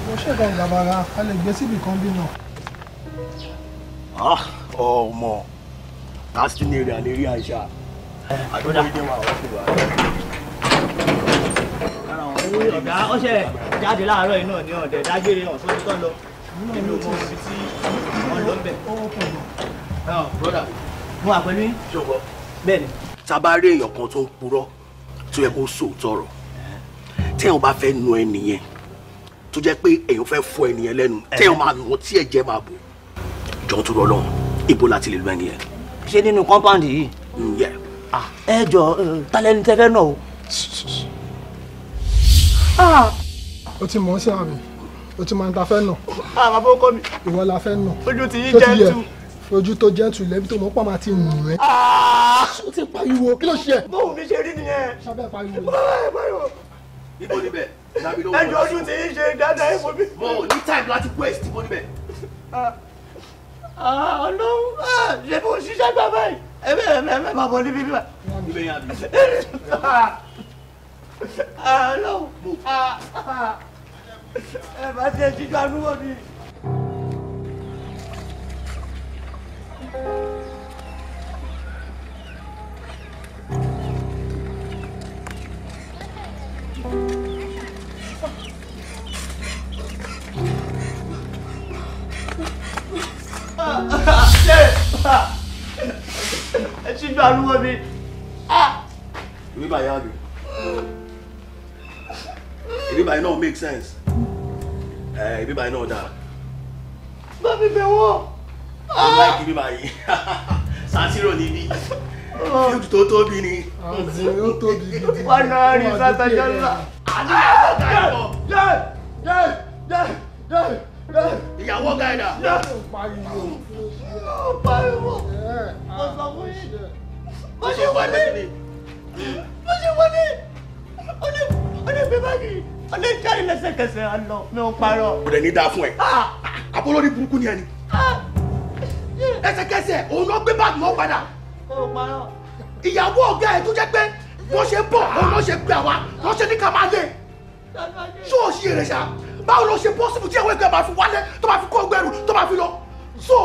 mo ṣètò ìdàbàrà a lè gbé síbi kan bí náà. Ah, ọmọ casting area lè rí àṣà àdúgbò ìdẹ́wà ọ̀ṣun wa ọ̀gá èèyàn kan tó ń purọ́ tó yẹ kó sòótọ́ rọ̀ téèyàn bá fẹ́ nu ẹnìyẹn tó jẹ́ pé èèyàn fẹ́ fọ ẹnìyẹn lẹ́nu téèyàn máa nù tí ẹ̀jẹ̀ máa bò jọ tó rọ lọ́hùn ibo láti lè lu ẹnìyẹn. ṣé nínú kọ́ńpáǹdì yìí. Mm, ah, ẹ jọ eh, talẹ́ni tẹ́fẹ́ náà o. Ah. o ti mọ̀ ọ́ sí àmì o ti máa ń ta fẹ́ nà. àmọ́ bó kọ́ mi. ìwọ la fẹ́ nà. ojú ti yín jẹ́ tu. ojú tó jẹ́ tu lẹ́bi tó mọ̀ pàmò àti wù rẹ̀. o ah. ti pariwo kí ló ṣe ẹ. bóun mi ṣe rí nìyẹn. sábẹ́ pariwo. báyọ̀ báyọ̀. ibo níbẹ̀ dàbí ló wọ́n. ẹjọ́ ojú ti yín ṣe dáadáa ẹ̀ fún mi. mo ò ní time láti west ibo níbẹ̀. Ah. ọlọ́run ṣe bó ṣiṣẹ́ gbà báyìí. ẹ bẹ́ẹ̀ ẹ bẹ́ẹ̀ máa bọ̀ níbi bí Ah ah, Hello. Ẹ Ah, tiẹ̀ jíjọ àdúgbò ni. Ẹ jíjọ Ah, ni. Ìwé bàyá mi ibi báyìí no make sense ẹ ibi báyìí náà dára. bá mi bẹ̀ wọ́. mo ah! like ibi báyìí sátírò Oh, fíìmù tó tóbi ni. àzìrì ó tóbi gidi. wọn náà rí sátọjọ ńlá. àdúrà ọ̀gá ìbọn. yẹ́ẹ̀ yẹ́ẹ̀ yẹ́ẹ̀ yẹ́ẹ̀ ìyàwó gáìdà. pariwo eh, ah, mo sọ fún yín mo ṣe wọlé mo ṣe wọlé ó ní ó ní bíbáàgì ó lè jáde lẹ́sẹ̀kẹsẹ̀ àná mi ò parọ́. kò dẹ̀ ní dáa fún ẹ ah! àbúrò ní burúkú ni ẹ ni ah! lẹ́sẹ̀kẹsẹ̀ òun ló gbé báàgì wọn padà ìyàwó ọ̀gá ẹ̀ tó jẹ́ pé wọ́n ṣe bọ̀ òun ló ṣe gbé àwa wọ́n ṣe ní ká máa lé ṣóòṣì rẹ̀ ṣá báwo ló ṣe pọ́sibú tí ìyàwó ẹgbẹ́ máa fi wálé tó máa fi kó ẹgbẹ́ rù tó máa fi lọ so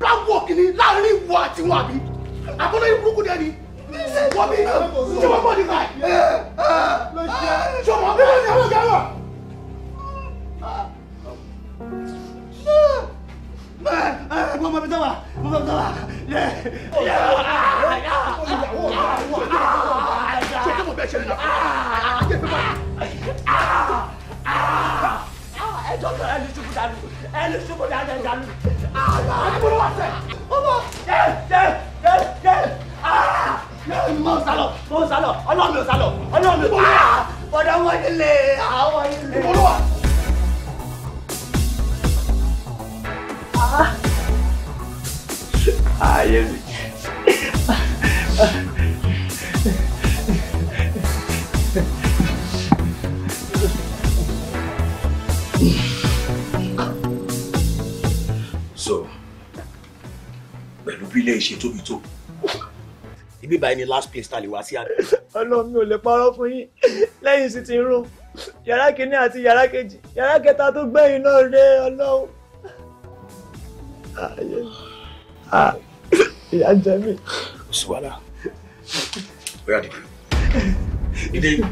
black work ni láàrin ìwọ àtiwọn àbí àbúrò ní burúkú ni ẹ ni. 我鼻子，小毛，你来。小毛，别来我家，我了。哎，我没事吧？我没事吧？哎呀！啊啊啊！啊啊啊！就这么表现的。哎，你是不是家奴？哎，你是不是家家啊！你不能玩死我！我我我我我我啊！mọ sálọ mọ sálọ ọlọ́run ló sálọ ọlọ́run ló sálọ ah, bọ̀dọ̀ wọn ilé àwọn ilé. olúwa. Ah. ayé mi. so pẹ̀lú bí ilé ìṣètò mi tó ibi báyìí ni last place ta lè wá sí àná. ọlọ́run mi ò lè parọ́ fún yín lẹ́yìn sí ti ń rún yàrá kìíní àti yàrá kejì yàrá kẹta tó gbẹ̀yìn náà rẹ ọlọ́run. Ah, ìyá jẹ mí. kò sí wàhálà bóyá dìde dìde.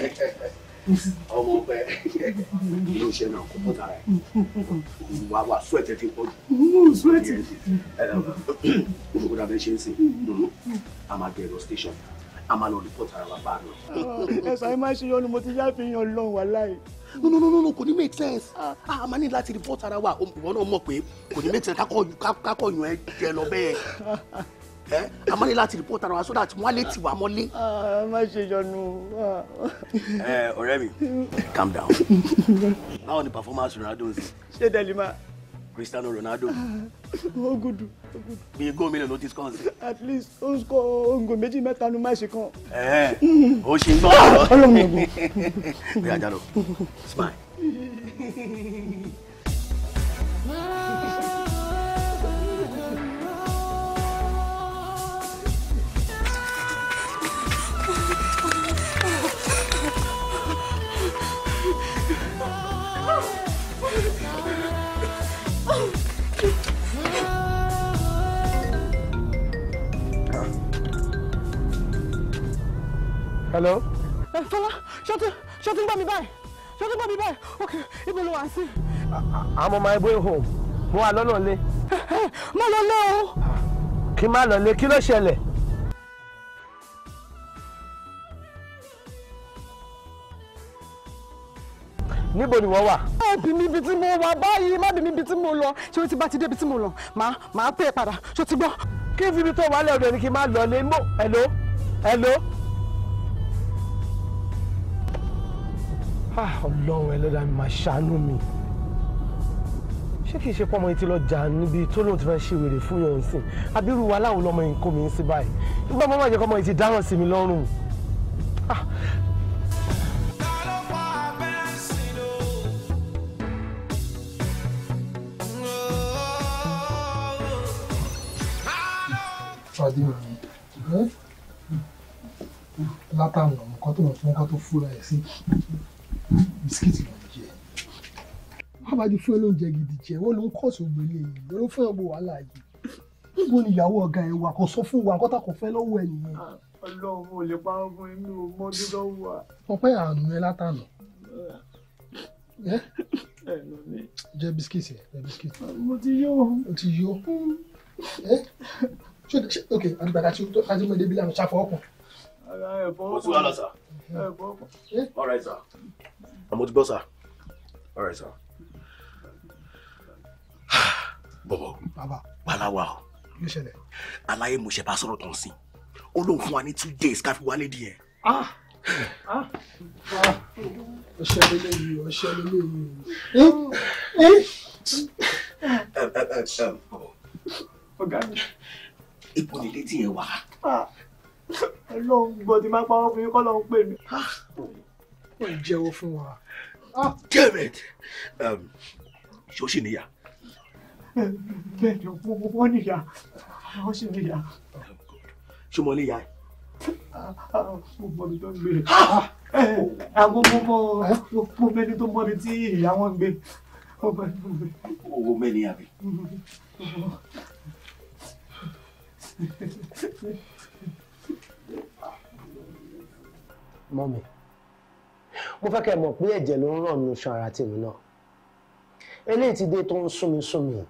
Thank you ọmọ pẹ ló ṣe náà kó bọ́tà rẹ̀ wà wà sweat ti pọ̀ jù sweat kó dàbẹ̀ ṣe ń sìn a máa dẹ̀rọ station a máa lọ report ara wa bá a lọ. ẹ̀sán ẹ má ṣe yọnu mo ti yá fi yan lọ́hùn wàláì no no no no no kò ní make sense a máa ní láti report ara wa ìwọ náà mọ̀ pé kò ní make sense kakọ̀ yun ẹ jẹ lọ bẹ́ẹ̀. Eh? a máa ní láti report ara wa so that wọ́n lè tì wá mọ́lé. Ah, ẹ má ṣe yọnu. ẹ eh, ọ̀rẹ́ mi calm down báwo ni performance Ronaldo ń sè. ṣé dẹ́lima. Cristiano Ronaldo. Ah, ó gùdù. bí igó mílíọ̀nù ló ti score sí. at least ó ń score oògùn méjì mẹ́ta nu máṣe kan. ẹ ẹ o ṣe ń gbọ́. ọlọ́run ẹ̀gbọ́n. bí ajá lọ smile. hello. ẹ eh, Fọlá ṣọtí ṣọtí ń gbọ́ mi báyìí ṣọtí ń gbọ́ mi báyìí ok ibo ló wà I'm on my way home mo wà lọ́nà lé. Eh, eh, mo lọ lé o. kí n má lọ lé kí ló ṣẹlẹ̀. níbo ni wọ́n wà. má bì mí ibi tí mo wà báyìí má bì mí ibi tí mo lọ ṣé o ti bá ti dé ibi tí mo lọ màá màá pè é padà ṣó ti gbọ́. kí n fi ibi tó wà lẹ́rù ẹni kí n má lọ lé mo hello hello. Ah, ọlọ́run ẹlẹ́dàá mi máa ṣàánú mi ṣé kìí ṣe pọ́nmọ́ yìí ti lọ jà níbi tó lóun ti fẹ́ ṣe wèrè fún yẹn sìn abirú wa láwo lọmọ yìí ń kó mi sí báyìí nígbà mọ́ máa jẹ́ kọ́mọ yìí ti dáràn sí mi lọ́rùn. pàdé ah. òní látàmì ọ̀nà kan tó ń fún kan tó fúra ẹ̀ sí bisikíìtì abájú fún olóúnjẹ gidi jẹ wọn ló ń kọ́ọ̀sì ògbélé yìí ló fún ọgbọ wàhálà yìí níbo ni ìyàwó ọ̀gá ẹ̀ wà kó sọ fún wa kọ́tà kò fẹ́ lọ́wọ́ ẹ̀ nìyẹn. Ah, ọlọ́run ò lè parọ́ fún inú mọ́tò lọ́wọ́ wa. ọpẹ́ àrùn yẹn látànà eh. jẹ bisikíìtì jẹ bisikíìtì. Ah, mo ti yó. o ti yó. Hmm. Eh? ṣé ok àgbàdo àti ọmọdébìlà ń ṣàfọwọ́kùn mo ti wá lọ sà. All right, sir. Ah, ti gbọ́ sà. alright sà. bọ̀bọ̀ palawa o aláyé mo ṣe bá sọ̀rọ̀ tán sí ó lóun fún wa ní two days ká fi wálé díẹ̀. ọṣẹ ah, ah. lélẹyìí ọṣẹ lélẹyìí. Eh, eh, eh, ọ̀gá mi. ipò nílé tí yẹn wà. Ọlọ́run gbọ́dí má pa wọ́n fún yín kọ́ lọ́run pè mí. Ah, ó ń fún wa. Ah. Damn it! Um, ṣé ó ṣì níyà? Bẹ́ẹ̀ ni wọ́n níyà. Wọ́n ṣì níyà. Ṣé mo níyà oh, ẹ̀? Ah, mo mọ ibi tó ń gbé. Àwọn eh, mo mọ mo mẹni tó mọ ibi tí ìyá wọn ń gbé. Owó mẹ́ni àbí? mọ́ mi mo fẹ́ kẹ́ mọ̀ pé ẹ̀jẹ̀ ló ń ràn nínú iṣan ara tèmi náà eléyìí ti dé tó ń sún mi sún mi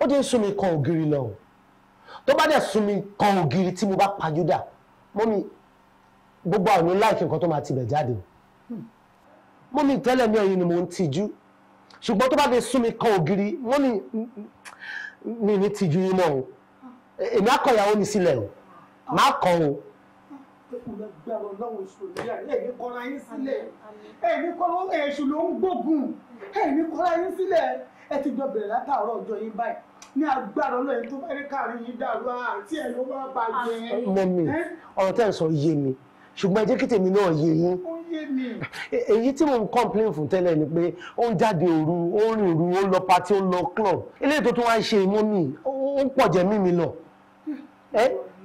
ó dé ń sún mi kan ògiri lọ o tó bá dẹ̀ sún mi kan ògiri tí mo bá pajúdà mọ́mi gbogbo àwọn oníláìkí nǹkan tó máa tibẹ̀ jáde o mọ́mi tẹ́lẹ̀ mi ẹ̀yìn ni mo ń tijú ṣùgbọ́n tó bá dé sún mi kan ògiri mọ́mi mi ní tijú yín mọ́ èmi á mi sílẹ̀ o má kàn o kù lágbára ọlọ́run èṣù lórí ayé ẹ̀mí kọ́ra yín sílẹ̀ ẹ̀mí kọ́ra èṣù ló ń gbógun ẹ̀mí kọ́ra yín sílẹ̀ ẹ ti jọ bẹ̀rẹ̀ látàárọ̀ ọjọ́ yín báyìí ní agbára ọlọ́run tó fẹ́ káàrin yín dàrú àti ẹ̀ ló bá bàjẹ́. mọ mi ọ̀rọ̀ tẹ́ ẹ̀ sọ yé mi ṣùgbọ́n ẹ jẹ́ kí náà yé yín èyí tí mo ń complain fún tẹ́lẹ̀ ni pé ó ń jáde òru ó ń rìn òru ó ń lọ party ó ń lọ club eléyìí tó tún wá ń ṣe ìmọ̀ mi ó ń pọ̀jẹ́ mímí lọ hmm.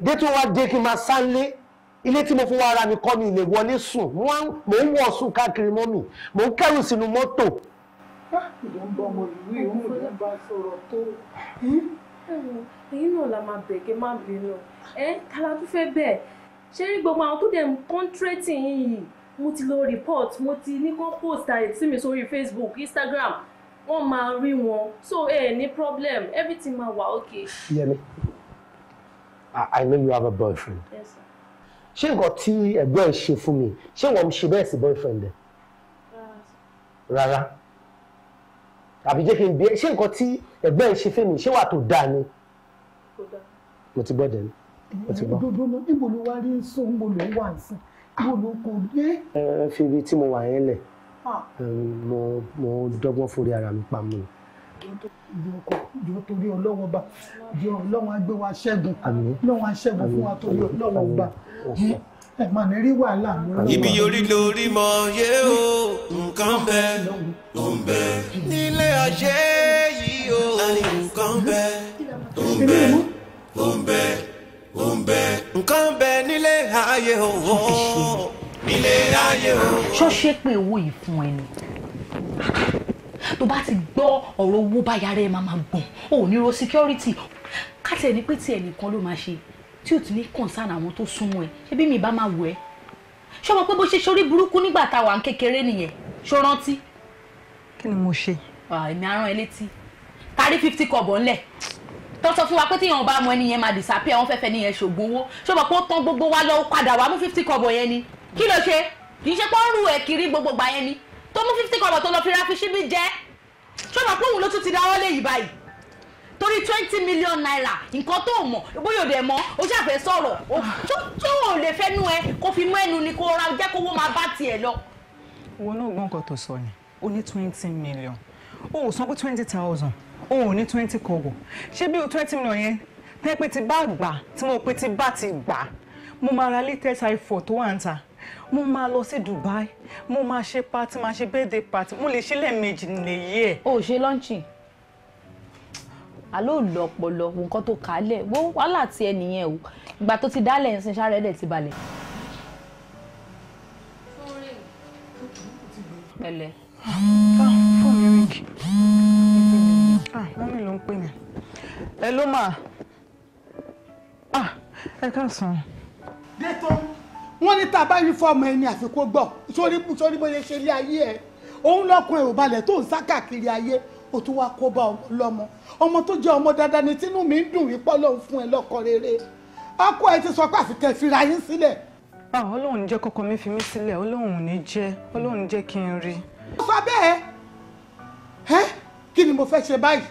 dé tó wá dé kí n máa sálé ilé tí mo fún wa mi kọ́ ni ilé wọlé sùn mo ń wọ̀ sùn káàkiri mọ́ mi ń kẹ́rù sínú mọ́tò. ìdè ń bọ ọmọ ìlú ìhùn ìdè ń bá sọ̀rọ̀ tó. Hmm? ẹ̀yin náà la máa bẹ̀ kẹ́ máa bínú ẹ kálá tó fẹ́ bẹ́ẹ̀ ṣé rí gbogbo àwọn tó dẹ̀ ń kọ́ńtrẹ́tì yín yìí mo ti lọ report mo ti ní kán post àìsí mi sórí Facebook Instagram wọ́n máa rí wọn so ẹ eh, ní problem everything máa wà okay. Yẹmi, I, I know you have a boyfriend. Yes, ṣé nǹkan tí ẹ̀gbọ́n ẹ̀ ṣe fún mi ṣé wọ́n ṣe bẹ́ẹ̀ sí boyfriend ẹ̀ rárá àbí jẹ́ kí n bí ẹ ṣé nǹkan tí ẹ̀gbọ́n ẹ̀ ṣe fún mi ṣé wà tó dáa ni mo ti gbọ́ ni mo ti gbọ́. níbo ló wá rí sọ níbo ló wà sí níbo ló kò dé. ẹ ẹ fi ibi tí mo wà yẹn lẹ ah. mo mo dọ́gbọ́n forí ara mi pa mọ́ torí ọlọ́wọ́ bá jọ̀ọ́ ọlọ́wọ́ wa ṣẹ́gun ọlọ́wọ́ aṣẹ́gun fún wa torí ọlọ́wọ́ bá ẹ mà ní rí wàhálà ibi orí lórí mọ yé o nǹkan bẹ tó ń bẹ nílé ayé yìí o nǹkan bẹ tó ń bẹ tó ń bẹ tó ń bẹ nǹkan bẹ nílé ayé o nílé ayé o. ṣọ́ṣẹ́ pé owó yìí fún ẹni tó bá ti gbọ́ ọ̀rọ̀ owó báyà rẹ̀ máa máa gbọ̀n ò ní ro security káti ẹni pé tiẹ̀ nìkan ló máa ṣe tí ò ti ní concern àwọn tó súnmọ́ ẹ ṣé bí mi bá máa wù ẹ́ ṣé ọmọ pé bó ṣe ṣorí burúkú nígbà tá a wà ń kékeré nìyẹn ṣó rántí. kí ni mo ṣe. èmi arán ẹ létí kárí fifty kọ̀bọ̀ ńlẹ̀ tó sọ fún wa pé tíyẹn bá mọ ẹni yẹn máa disappear àwọn fẹ́fẹ́ nìyẹn ṣògùn owó ṣé ọmọ pé tán gbogbo wa lọ padà wá mú fifty kọ̀bọ̀ yẹn ni kí ló ṣe kì í ṣe pé ó ń rù ẹ̀ kiri gbogbo gbà yẹn ni tó mú fifty kọ̀bọ̀ tó lọ fi ra fi ṣíbí jẹ́ ṣọ́nà pé òun ló tún ti dáwọ́ lé yìí báyìí torí twenty million naira nǹkan tó mọ̀ bóyá òde mọ̀ o ṣàfẹ́ sọ̀rọ̀ tó o lè fẹ́nu ẹ kó fi mú ẹnu ni kó ra jẹ́ kówó máa bá tiẹ̀ lọ. owó náà gbọ́n kan tó sọ yẹn ó ní twenty million o ò sanwó twenty thousand o ò ní twenty kọ̀wọ̀ ṣé bí o twenty million yẹn pẹ́ pé ti bá gbà tí mo pé ti bá ti gbà mo máa ra latest iphone tó wà ń ta mo máa lọ sí Dubai mo máa ṣe party máa ṣe birthday party mo lè ṣe lẹ́ẹ̀mejì nìyí ẹ̀. o ṣe lọ́ǹchì àló lọ ọpọlọ nǹkan tó kà á lẹ̀ wọ́n wàhálà ti ẹ nìyẹn o ìgbà tó ti dálẹ̀ ń sáré ẹ̀ ti balẹ̀. pẹ̀lẹ́. Ah, ah, mọ́mí ló ń pè mí ẹ ló mà ẹ káàsán. dé tán wọ́n ní tá a bá rí fọ́ọ̀mù ẹni àfikún gbọ́ sórí sórí bóyá ṣe ilé ayé ẹ̀ òun lọ́kùn ẹ̀ ò balẹ̀ tó ń sá káàkiri ayé ó tún wá kó bá ọmọ lọ́mọ ọmọ tó jẹ́ ọmọ dáadáa ni tínú mi ń dùn wí pọ́ lóun fún ẹ lọ́kọ rere ọkọ ẹ ti sọ pé àfikẹ́ fira yín sílẹ̀. ọlọ́run ń jẹ́ kọ́kọ́ mi fi mí sílẹ̀ ọlọ́run ní jẹ́ ọlọ́run jẹ́ kí n rí. mo sọ bẹ́ẹ̀ ẹ́ kí ni mo fẹ́ ṣe báyìí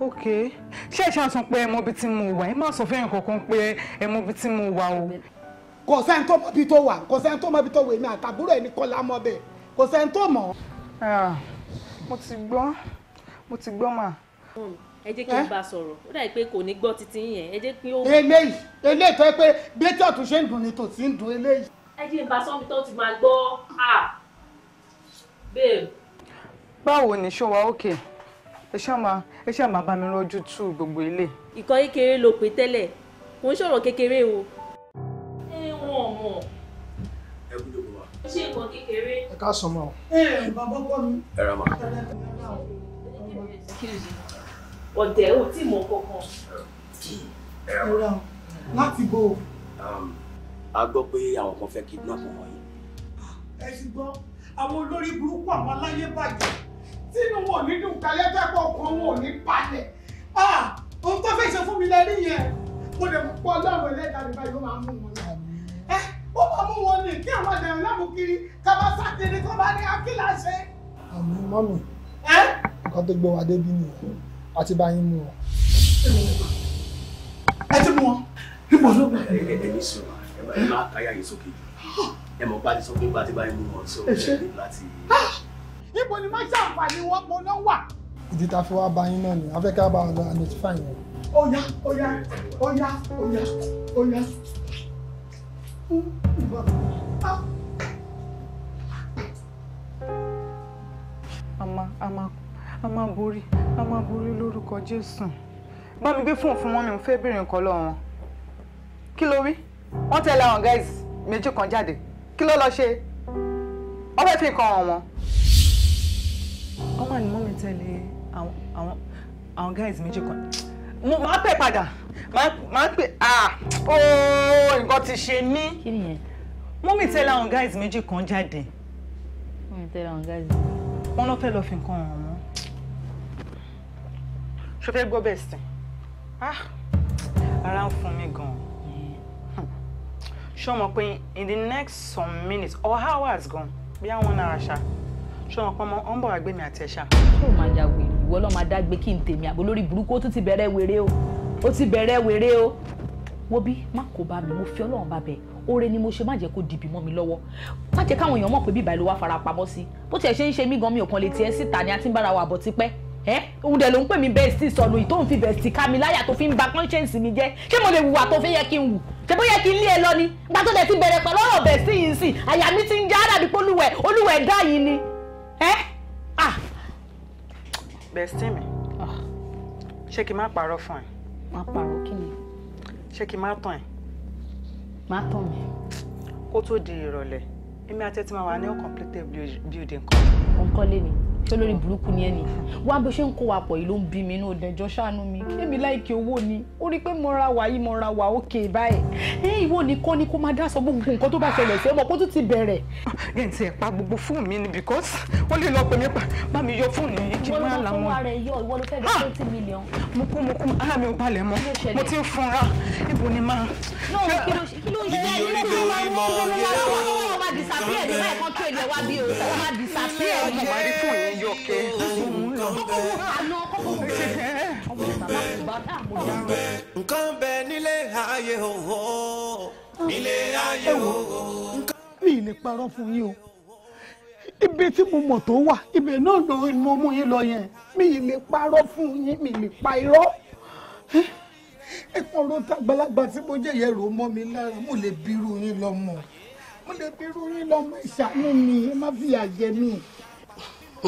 ok ṣé ẹ ṣàtún pé ẹmọ bíi tí mo wà ẹ má sọ fẹ́yìn kankan pé ẹmọ bíi tí mo wà o. kò sẹ́ni tó mọ ibi tó wà kò sẹ́ni tó mọ ibi tó wà èmi àtàbúrò ẹ̀ nìkan la mọ bẹ́ẹ̀ kò sẹ́ni tó mọ̀. mo ti gbọ́ mo ti gbọ́ mà. ẹ jẹ́ kí n bá a sọ̀rọ̀ ó dàbí pé kò ní gbọ́ títí yẹn ẹ jẹ́ kí ó. eléyìí eléyìí tó yẹ pé bí tí ọ̀tún ṣe ń dùn ni tòsí ń dùn eléyìí. ẹ jẹ́ n bá sọ́mi tó ti ẹ ṣáà máa ẹ ṣáà máa bá mi rọjú tú gbogbo ilé. ìkọ́ kékeré ló pè tẹ́lẹ̀ kò ń ṣọ̀rọ̀ kékeré o. ẹ wọn ọmọ. ẹ kú tó bọ̀ wá. ó ṣe nǹkan kékeré. ẹ ká sọ mọ. ẹ bàbá bọ́ mi. ẹ ra màá. ọ̀dẹ̀ ò tí mọ̀ kankan. ẹ ra màá. láti bò. Um, a gbọ́ pé àwọn kan fẹ́ kidnap ọmọ yìí. ẹ ti gbọ́ àwọn olórí burúkú àwọn aláyé bàjẹ́ tínú wọn ò ní dùn kálẹ́ fẹ́ pọ̀ kan wọn ò ní balẹ̀ ah, ohun tó fẹ́ ṣe fún mi lẹ́rí yẹn mo lè pọ̀ ọlọ́run ẹlẹ́dàá mi báyìí máa mú wọn lọ ẹ eh, ó máa mú wọn ní kí àwọn àdàrà láàmú kiri ká bá sákiri kó bá ní akílà ṣe. àmì mọ́mì eh? nǹkan tó gbé wa débi ni a ti bá yín mú wọn. ẹ ti mú wọn níbo ló bá yẹ. ẹ ní sùn ẹ máa káyà yín sókè ẹ mọ̀ bá ti sọ pé bá ti bá yín mú wọn sọ ẹ níbo ni má ṣàǹfààní wọn mo náà wà. ìdí tá fi wá bá yín náà ni a fẹ́ ká bá wa lọ identify yẹn. ó yá ó yá ó àmà àmà àmà borí àmà borí lórúkọ Jésù bá mi gbé fóònù fún wọn mi ò fẹ́ béèrè nǹkan lọ́wọ́ wọn kí ló rí wọ́n tẹ̀lé àwọn guys méjì kan jáde kí ló lọ ṣe ọ fẹ́ fi nǹkan hàn wọn ọmọ ni mọ́mí tẹ̀lé àwọn àwọn àwọn guys méjì kan mo máa pè padà máa pè ah ooo nǹkan ti ṣe mí mọ́mí tẹ̀lé àwọn guys méjì kan jáde. mọ́mí tẹ̀lé àwọn guys méjì. wọ́n lọ fẹ́ lọ fi nǹkan hàn wọ́n. ṣo fẹ́ gbọ́ bẹ́ẹ̀ sí ah ara ń fún mi gan-an ṣé pé in the next some minutes or hours gan bí àwọn náà ṣá ṣọmọ pọmọ ọ ń bọ̀ wá gbé mi àti ẹ̀ṣà. ṣé o máa ya wèrè ìwọ lọ́ọ́ máa dá gbé kí n tèmi àbò lórí burúkú ó tún ti bẹ̀rẹ̀ wèrè o ó ti bẹ̀rẹ̀ wèrè o. wo bí má kó bá mi mo fi ọlọ́run bá bẹ̀ oore ni mo ṣe má jẹ́ kó dìbì mọ́ mi lọ́wọ́ má jẹ́ káwọn èèyàn mọ̀ pé bíbá ìlú wa fara pamọ́ sí bó tiẹ̀ ṣe ń ṣe mí gan mi ò kan lè tiẹ̀ síta ni a ti ń bára wa àbọ̀ tipẹ́ ẹ òun dẹ̀ ló ń pè mí bẹ́ẹ̀ sí sọnù yìí fi bẹ́ẹ̀ sí ká mi láyà tó fi ń ba conscience mi jẹ́ ṣé mo lè wùwà tó fi yẹ kí n wù ṣé bó yẹ kí n lé ẹ lọ ni gbàtọ́ dẹ̀ ti bẹ̀rẹ̀ pẹ̀lú ọ̀rọ̀ bẹ́ẹ̀ sí yìí sí àyà mi ti ń já dàbí pé olúwẹ̀ dá yìí ni ẹ́ ah. bestie mi ṣé kí n má parọ́ fún ẹ. má parọ́ kí ni. ṣé kí n má tàn ẹ. má tàn mi. kó tó di ìrọ̀lẹ́ èmi àti ẹ ti máa wà ní uncompleted building kan. òǹkọ́lé ni tó lórí burúkú ni ẹni wá bó ṣe ń kó wa pọ̀ yìí ló ń bí mi inú dẹjọ́ ṣàánú mi èmi láìkí owó ni ó rí i pé mo ra wà yìí mo ra wà òkè báyìí ẹ ìwọ nìkan ni kó máa dá sọ gbogbo nǹkan tó bá ṣẹlẹ̀ sí ọmọ kó tún ti bẹ̀rẹ̀. ẹ ǹ tiẹ̀ pa gbogbo fóònù mi ni because wọ́n lè lọ pè mí pa bá mi yọ fóònù yìí kí n máa làwọn. ìwọ ló fẹ́ lọ twenty million. mo ló ń yọkẹ. nǹkan bẹ nílé ayé òwò nílé ayé òwò. mi ì ní parọ́ fún yín o ibi tí mo mọ̀ tó wà ibẹ̀ náà lọ mo mú yín lọ yẹn mi ì lè parọ́ fún yín mi ì lè pa irọ́ ẹ̀pọ̀n ló ta àgbàlagbà tí mo jẹ́ yẹ̀rọ mọ́ mi lára mo lè bírú yín lọ́mọ mo lè bírú yín lọ́mọ ìṣàánú mi ẹ má fìyà jẹ mí.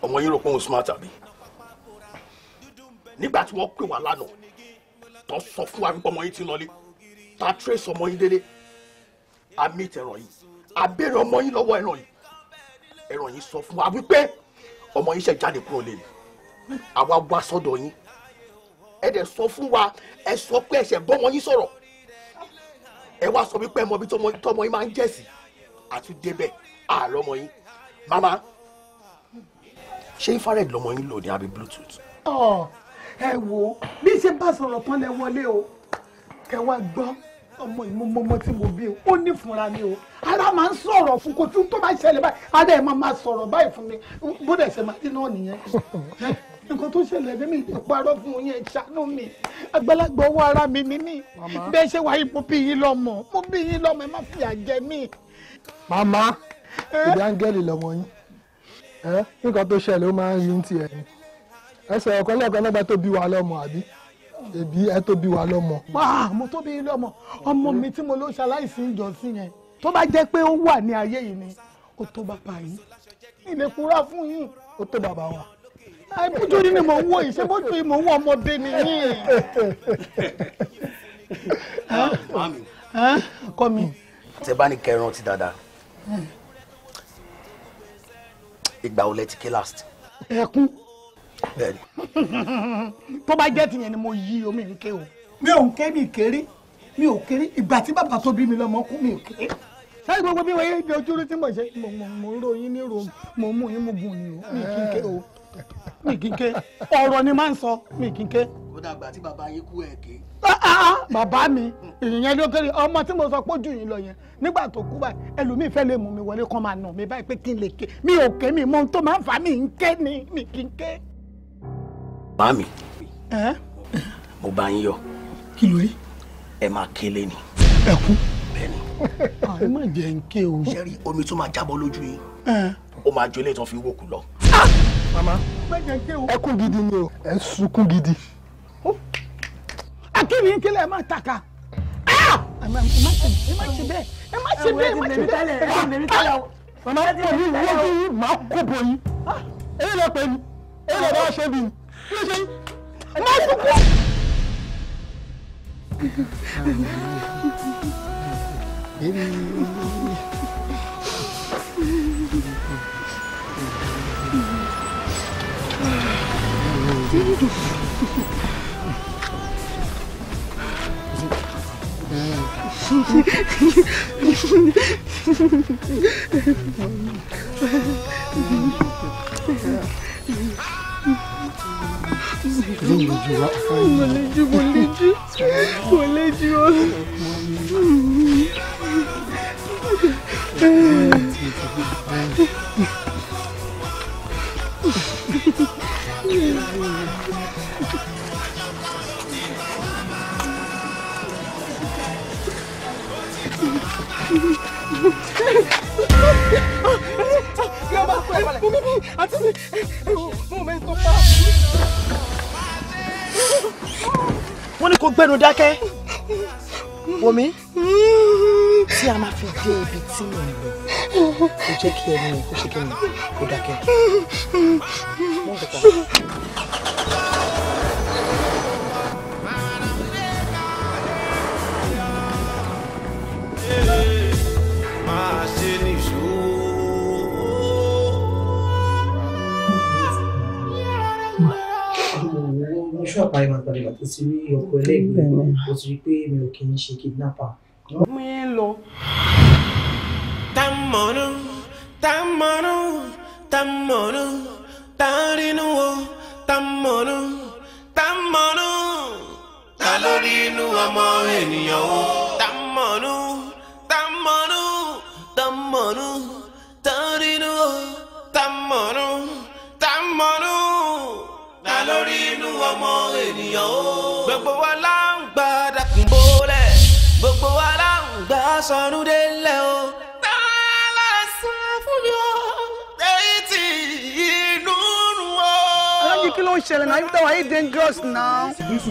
ọmọ yìí rò pé òun smart àbí nígbà tí wọ́n pè wá lánàá tó sọ fún wa wípé ọmọ yìí ti lọlé ta trace ọmọ yìí délé a meet ẹran yìí a béèrè ọmọ yìí lọ́wọ́ ẹran yìí ẹran yìí sọ fún wa wípé ọmọ yìí ṣe jáde kúrò lé àwa wá sọ́dọ̀ yín ẹ dẹ̀ sọ fún wa ẹ sọ pé ẹ ṣe bọ́mọ yìí sọ̀rọ̀ ẹ wá sọ wípé ẹ mọ ibi tọmọ yìí máa ń jẹ̀sì àti débẹ̀ àárọ̀ ọmọ yìí mama ṣé infrared lọmọ yín lò ní àbí bluetooth. ọ ẹ wo bí ṣe bá sọ̀rọ̀ tán lẹ wọlé o kẹ wá gbọ́ ọmọ ìmọ̀mọ́mọ́ tí mo bí o ó ní fúnra ni o ara máa ń sọ̀rọ̀ fún kò tí tó bá ṣẹlẹ̀ báyìí ara ẹ̀ máa máa sọ̀rọ̀ báyìí fún mi bóde ẹ̀sẹ̀ máa dín náà nìyẹn nǹkan tó ṣẹlẹ̀ ní mi ìparọ́ fún yẹn ṣàánú mi àgbàlagbà ọwọ́ ara mi ni bẹ́ẹ̀ ṣe wáyé mo bí yín lọ́mọ mo bí yín lọ́mọ ẹ má fìyà jẹ mí. màmá ìdí áńgẹ́lì lọ́mọ yín nǹkan tó ṣẹlẹ̀ ó máa ń rí ti ẹ̀yìn ẹsẹ̀ ọ̀kan lẹ́ẹ̀kan lọ́gbà tó bí wa lọ́mọ àbí ẹbí ẹ tó bí wa lọ́mọ. mo tó bí lọ́mọ ọmọ mi tí mo ló ṣaláìsí ìjọsìn yẹn tó bá jẹ́ pé ó wà ní ayé yìí ni ó tó bàbá yìí ìlẹ̀kùnrà fún yín ó tó bàbá wa àìbójú ni ni mò ń wọ yìí ṣé bójú ni mò ń wọ ọmọdé ni yín. kọ́ mi. tẹ bá ní kẹrin ọtí dáadáa ìgbà wo lẹ ti ké last. ẹkún tó bá jẹ́ tìyẹn ni mo yí omi ń ké o mi ò ń ké mi kéré mi ò kéré ìgbà tí bàbá tó bí mi lọ́mọ kú mi ò kéré sáré gbogbo bí wọ́n yé ojú orí tí mo ṣe mo ń ròyìn ní ro mo mú yín mo gùn ni o mi kí n ké o mi kì í ké ọ̀rọ̀ ni máa ń sọ mi kì í ké. ó dàgbà tí bàbá yín kú ẹ̀ ké. Ah, ah, ah, bàbá mi ìyẹn ló kéré ọmọ tí mo sọ pé jù yín lọ yẹn nígbà tó kú báyìí ẹlòmíì fẹ́ lè mú mi wọlé kan máa nà mí báyìí pé kí n lè ké mi ò ké mi mọ ohun tó máa ń fà mí ń ké ni mi kì í ké. màámi mo bá yín yọ. kí ló rí. ẹ máa kélé ni. ẹ kú. bẹ́ẹ̀ni. àìmọ̀ jẹ́ ń ké o. sẹ́rí omi tó máa jábọ́ lójú yín ó máa ju eléyìí tó fi wókù lọ mama ẹkún gidi ni o ẹ sunkún gidi. akínní kílẹ̀ ẹ máa taka ẹ má ṣe bẹ́ẹ̀ ẹ má ṣe bẹ́ẹ̀ ẹ má ṣe bẹ́ẹ̀. mama pọ̀ ní ìwọ́jú yìí máa kó bọ̀ yìí èyí lọ pẹ̀lú èyí lọ bá ṣe bí kí ló ṣe yìí máa sunkún. Baby. Deus. Moleci, moleci, moleci, moleci. àti mi mo mẹ tó pa. wọ́n ní kó gbẹ́nu dákẹ́ wòmí tí a máa fi dé ibi tí mo ń lọ jẹ́ kí ẹni kó ṣe kí ni kó dákẹ́. か Mwen chwa pa yon talibat, se mi yon koleg, mwen chwa jipe, mwen yon kinshi, kidnapa.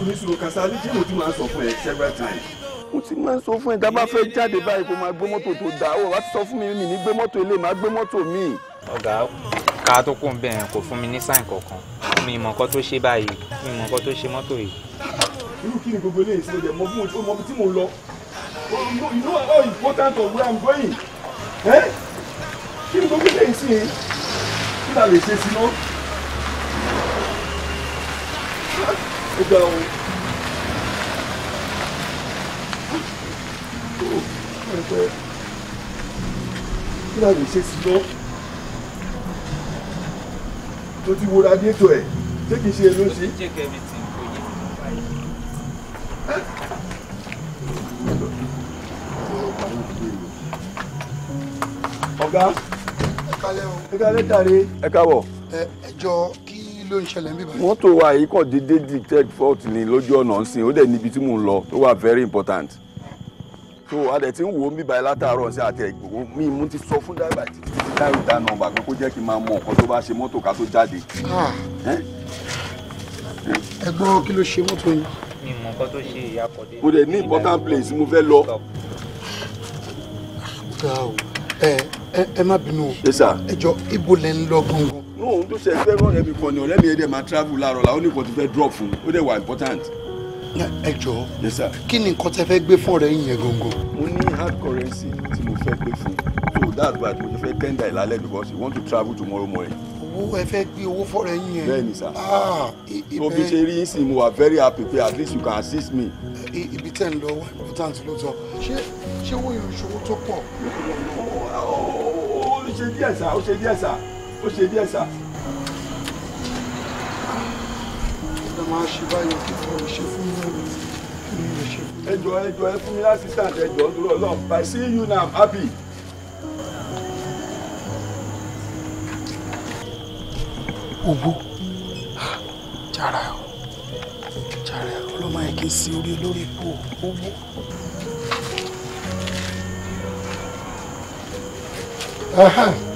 nísùúrù nísùúrù Kasali ṣé mo ti sọ fún ẹ several times. mo ti máa ń sọ fún ẹ tá a jáde báyìí kó máa gbé mọ́tò tó dáa ó wá ti sọ fún mi mi ní gbé mọ́tò ilé máa gbé mọ́tò mi. ọ̀gá ká tó kún bẹ́ẹ̀ kò fún mi ní sáìn kankan mi ìmọ̀ nǹkan tó ṣe báyìí mi ìmọ̀ nǹkan tó ṣe mọ́tò yìí. irú kí ni gbogbo eléyìí ṣe lè mọ bí mo lọ you know how important of where I'm going eh? kí ni gbogbo eléyìí ṣe kí ni a lè ṣe sí náà. então bẹ́ẹ̀ o. kí ló lè ṣe sí lọ tó ti wo radiétò ẹ̀ ṣé kìí ṣe ló ṣe. ọ̀gá ẹ ká lẹ́tàrí ẹ káwọ̀. ẹ jọ ló ń ṣẹlẹ̀ níbà. mọ́tò wa yìí kàn déédé detect fault ni lójú ọ̀nà ńsìn ó dẹ̀ níbi tí mò ń lọ tó wà very important. so a dẹ̀ ti ń wò ó níbà yìí látàárọ̀ ṣe àtẹ ìgbòho mi mú ti sọ fún dáìbà títí tí dáìbà dá nọ́mbà pé kó jẹ́ kí n máa mọ nǹkan tó bá ṣe mọ́tò ká tó jáde. Ah. ẹ kí ló ṣe mọ́tò yìí. mo dẹ̀ ní important place mo fẹ́ lọ. Ah, ẹ ẹ má bínú o. ẹ jọ ibo lẹ ń lọ gan-an òun tó ṣe fẹ́ rọ̀rẹ́ mi kan ni ọ̀rẹ́ mi yẹn dẹ̀ máa travel láàárọ̀ la ó ní fẹ́ drop fún un ó dẹ̀ wà important. ẹ jọ kí ni nǹkan tẹ fẹ́ gbé fún ọ̀rẹ́ yìí gangan. mo ní hard currency tí mo fẹ́ gbé fún so that's why mo fẹ́ tender ìlálẹ́ because you want to travel tomorrow morning owó ẹ fẹ́ gbé owó fọ́rẹ́ yín yẹn. bẹ́ẹ̀ni sá obi ṣe rí sí mo wà very happy pé at least you can assist me. ibi tẹ́ ń lọ wá important ló sọ ṣé ṣé owó yẹn ṣòwò tó pọ̀. ó ṣe díẹ̀ sá ó ṣe díẹ̀ sá ó ṣe díẹ̀ sá. ẹ máa ṣe báyìí kí wọ́n ṣe fún mi ẹ jọ̀ọ́ ẹ jọ̀ọ́ ẹ fún mi assistant ẹ jọ̀ọ́ dúró lọ by seeing you now i'm happy. owó jàrá o jàrá o ló máa kí n sin orí olórí ipò owó. Uh-huh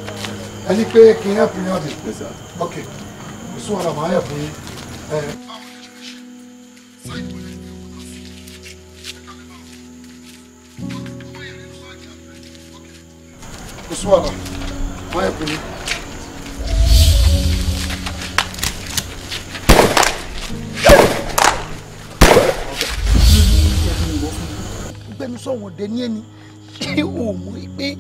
ẹni pé kí a help yín ọdẹ ok kò sí wàhálà màá help yín. kò sí wàhálà màá help yín. gbẹnusọ wọn dé ní ẹni ṣé òun mọ̀ pé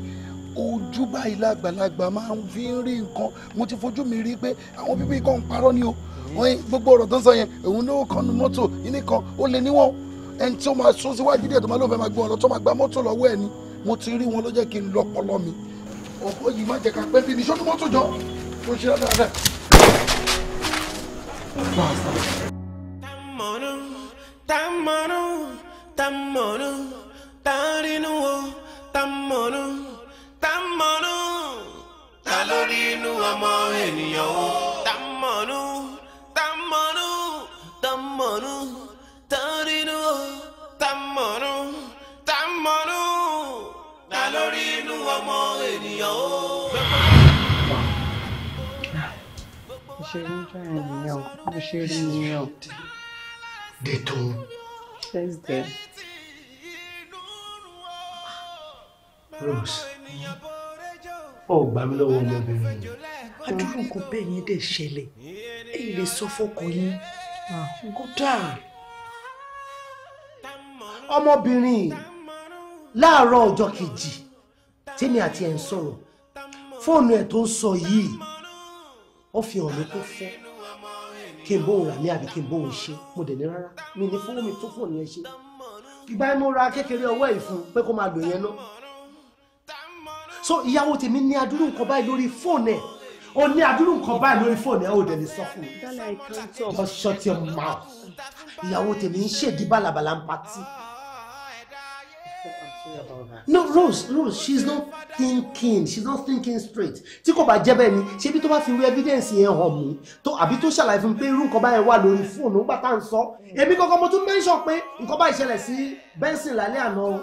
báyìí lágbàlagbà máa ń fi ń rí nǹkan mo ti fojú mi rí pé àwọn bíbí kan ń parọ́ ni o mm-hmm. gbogbo ọ̀rọ̀ tó ń sọ yẹn òun ló kàn nu mọ́tò yìí kan ó lè níwọ̀n ẹni tí ó máa sún síwájú díẹ̀ tó máa lóun máa gbé wọn tó máa gba mọ́tò lọ́wọ́ ẹ̀ ni mo ti rí wọn ló kí n lọ́pọlọ mi ọ̀pọ̀ yìí má jẹ́ ká pẹ́ bíi níṣó ní mọ́tò jọ tó ń lórí inú ọmọ ènìyàn o. tamọ̀nù tamọ̀nù tamọ̀nù tánrínú tamọ̀nù tamọ̀nù ta lórí inú ọmọ ènìyàn o. ṣe ń rose ò gbà mí lọ́wọ́ ọmọbìnrin yìí. àdúrà kò bẹ́ẹ̀ yẹn dẹ̀ ṣẹlẹ̀ èyí lè sọ fọkàn yín kódà ọmọbìnrin láàárọ̀ ọjọ́ kejì tèmi àti ẹ̀ ń sọ̀rọ̀ fóònù ẹ̀ tó ń sọ yìí ó fi hàn mí kó fọ́ kí n bóun rà ní àbí kí n bóun ṣe mo dẹ̀ ní rárá mi ní fóònù tó fóònù yẹn ṣe ìgbà yẹn mo ra kékeré ọwọ́ ìfun pé kó máa lò yẹn náà so ìyàwó tèmi ní adúrú nǹkan báyìí lórí fóònù ẹ̀ o ní adúrú nǹkan báyìí lórí fóònù ẹ̀ ò dẹ̀ lè sọ fún mi. just shut your mouth ìyàwó tèmi ń ṣèdí bàlàbàlà ń patí. No, Rose, Rose, she is not thinking. She is not thinking straight. Tí kò bá jẹ́ bẹ́ẹ̀ ni, ṣebí tó bá fi wí evidence yẹn hàn mí, tó àbí tó ṣàlàyé fún mi pé irú nǹkan báyẹn wà lórí fóònù nígbà tá à ń sọ. Èmi kankan mo tún mention pé nǹkan báyìí ṣẹlẹ̀ sí Benson lálẹ́ àná o.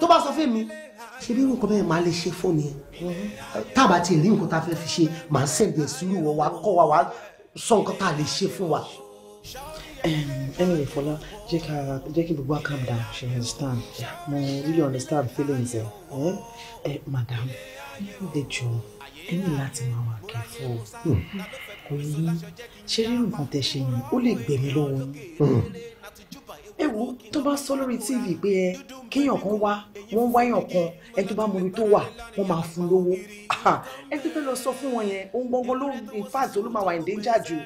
Tó bá sọ fún mi, ṣe bí nǹkan bẹ́ẹ̀ máa lè ṣe fóònù yẹn tábà tí rí nǹkan tá a fẹ́ fi ṣe máa sẹ́ǹdì ẹ̀ sùúrù wa kọ́ wa wá sọ nǹkan tá a lè ṣe fún wa. anyway Fọlá jẹ́ ká jẹ́ kí gbogbo wa calm down she understand mo really understand feelings ẹ ẹ madam ẹ jọ ẹ ní láti máa wà kẹfọ hmm. kò yí ṣe rí nǹkan tẹ ṣe yìí ó lè gbẹ̀mí lọ́wọ́ yín. Hmm ẹ wo tó bá sọ lórí tv pé ẹ kéèyàn kan wá wọ́n wáyàn kan ẹ tó bá mọbi tó wà wọ́n máa fún lówó ẹ tó fẹ́ lọ sọ fún wọn yẹn òun gbọ́ngàn ló in fact ló máa wà in danger jù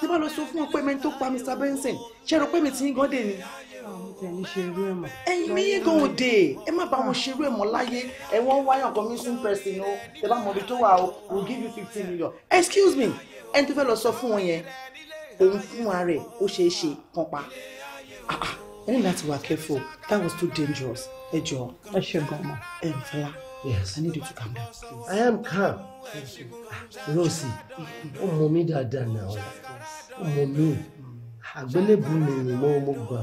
tí bá lọ sọ fún wọn pé mẹ́ni tó pa Mr Benson ṣe rò pé mi ti ń gọ́dẹ̀ ni ẹ̀yin méjì gan òde ẹ má bá wọn ṣerú ẹ̀ mọ́ láyé ẹ wọ́n wáyàn kan missing person o ẹ bá mọbi tó wà o we give you fifty million excuse me ẹ tó fẹ́ lọ sọ fún wọn yẹn òun fún ara ẹ̀ ó ṣeé ṣe kan pa ẹ ní láti were careful that was too dangerous ẹ jọ ẹ ṣe gan-an ẹ Yes. I need you to calm down. Please. I am calm. Ah, Rosie, ó mọ mi dáadáa náà. Ó mọ mi. Àgbélébù mi ni mo mú gbà.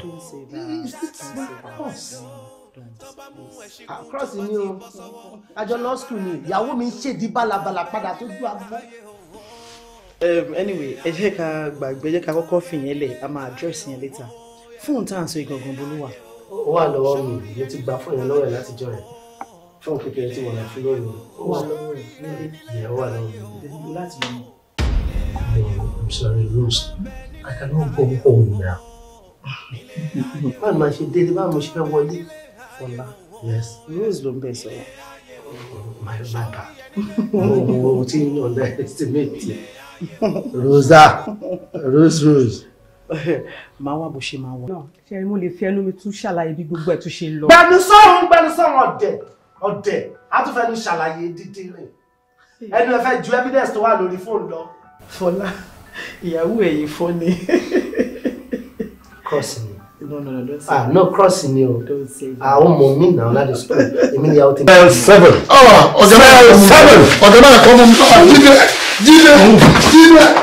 Ah, cross ni o. Àjọ law school ni ìyàwó mi ń ṣèdí bálabàlà padà tó ju abọ́. Um, anyway, ẹ jẹ́ ká gbàgbé, ẹ jẹ́ ká kọ́kọ́ fìyẹn lẹ̀, a máa address yẹn later fóònù tá à ń sọ ìgangan bó ló ó wà lọ́wọ́ mi mo ti gba fóònù lọ́wọ́ ẹ̀ látijọ́ rẹ̀ fóònù kékeré tí wọ́n rà fún lórí ó wà lọ́wọ́ rẹ̀ nílé. ìyẹn wà lọ́wọ́ mi. láti lọ. I'm sorry Rose I cannot go home now. báwo máa ṣe délé báwo mo ṣe fẹ́ wọlé. Fọlá Rose ló ń bẹ̀ sọ̀rọ̀. My my bad. Mo ti ń underestimate. Rosa Rose Rose máa wá bó ṣe máa wọ. ṣe ni mo lè fi ẹnu mi tún ṣàlàyé bí gbogbo ẹ̀ tún ṣe lọ. gbẹnu sọrun gbẹnu sọrun ọdẹ ọdẹ a tún fẹnu ṣàlàyé dídé rẹ ẹnu ẹ fẹ́ ju evidence tó wà lórí fóònù lọ. Fọlá ìyàwó ẹ̀yìn fọ́ cross ni. no no no don't say. ah no cross ni o. don't say. àwọn ọmọ mi náà láti sọ èmi ni àwọn tí. seven ọ̀dẹ̀ náà kọ́ mọ́ mi. jíde jíde jíde.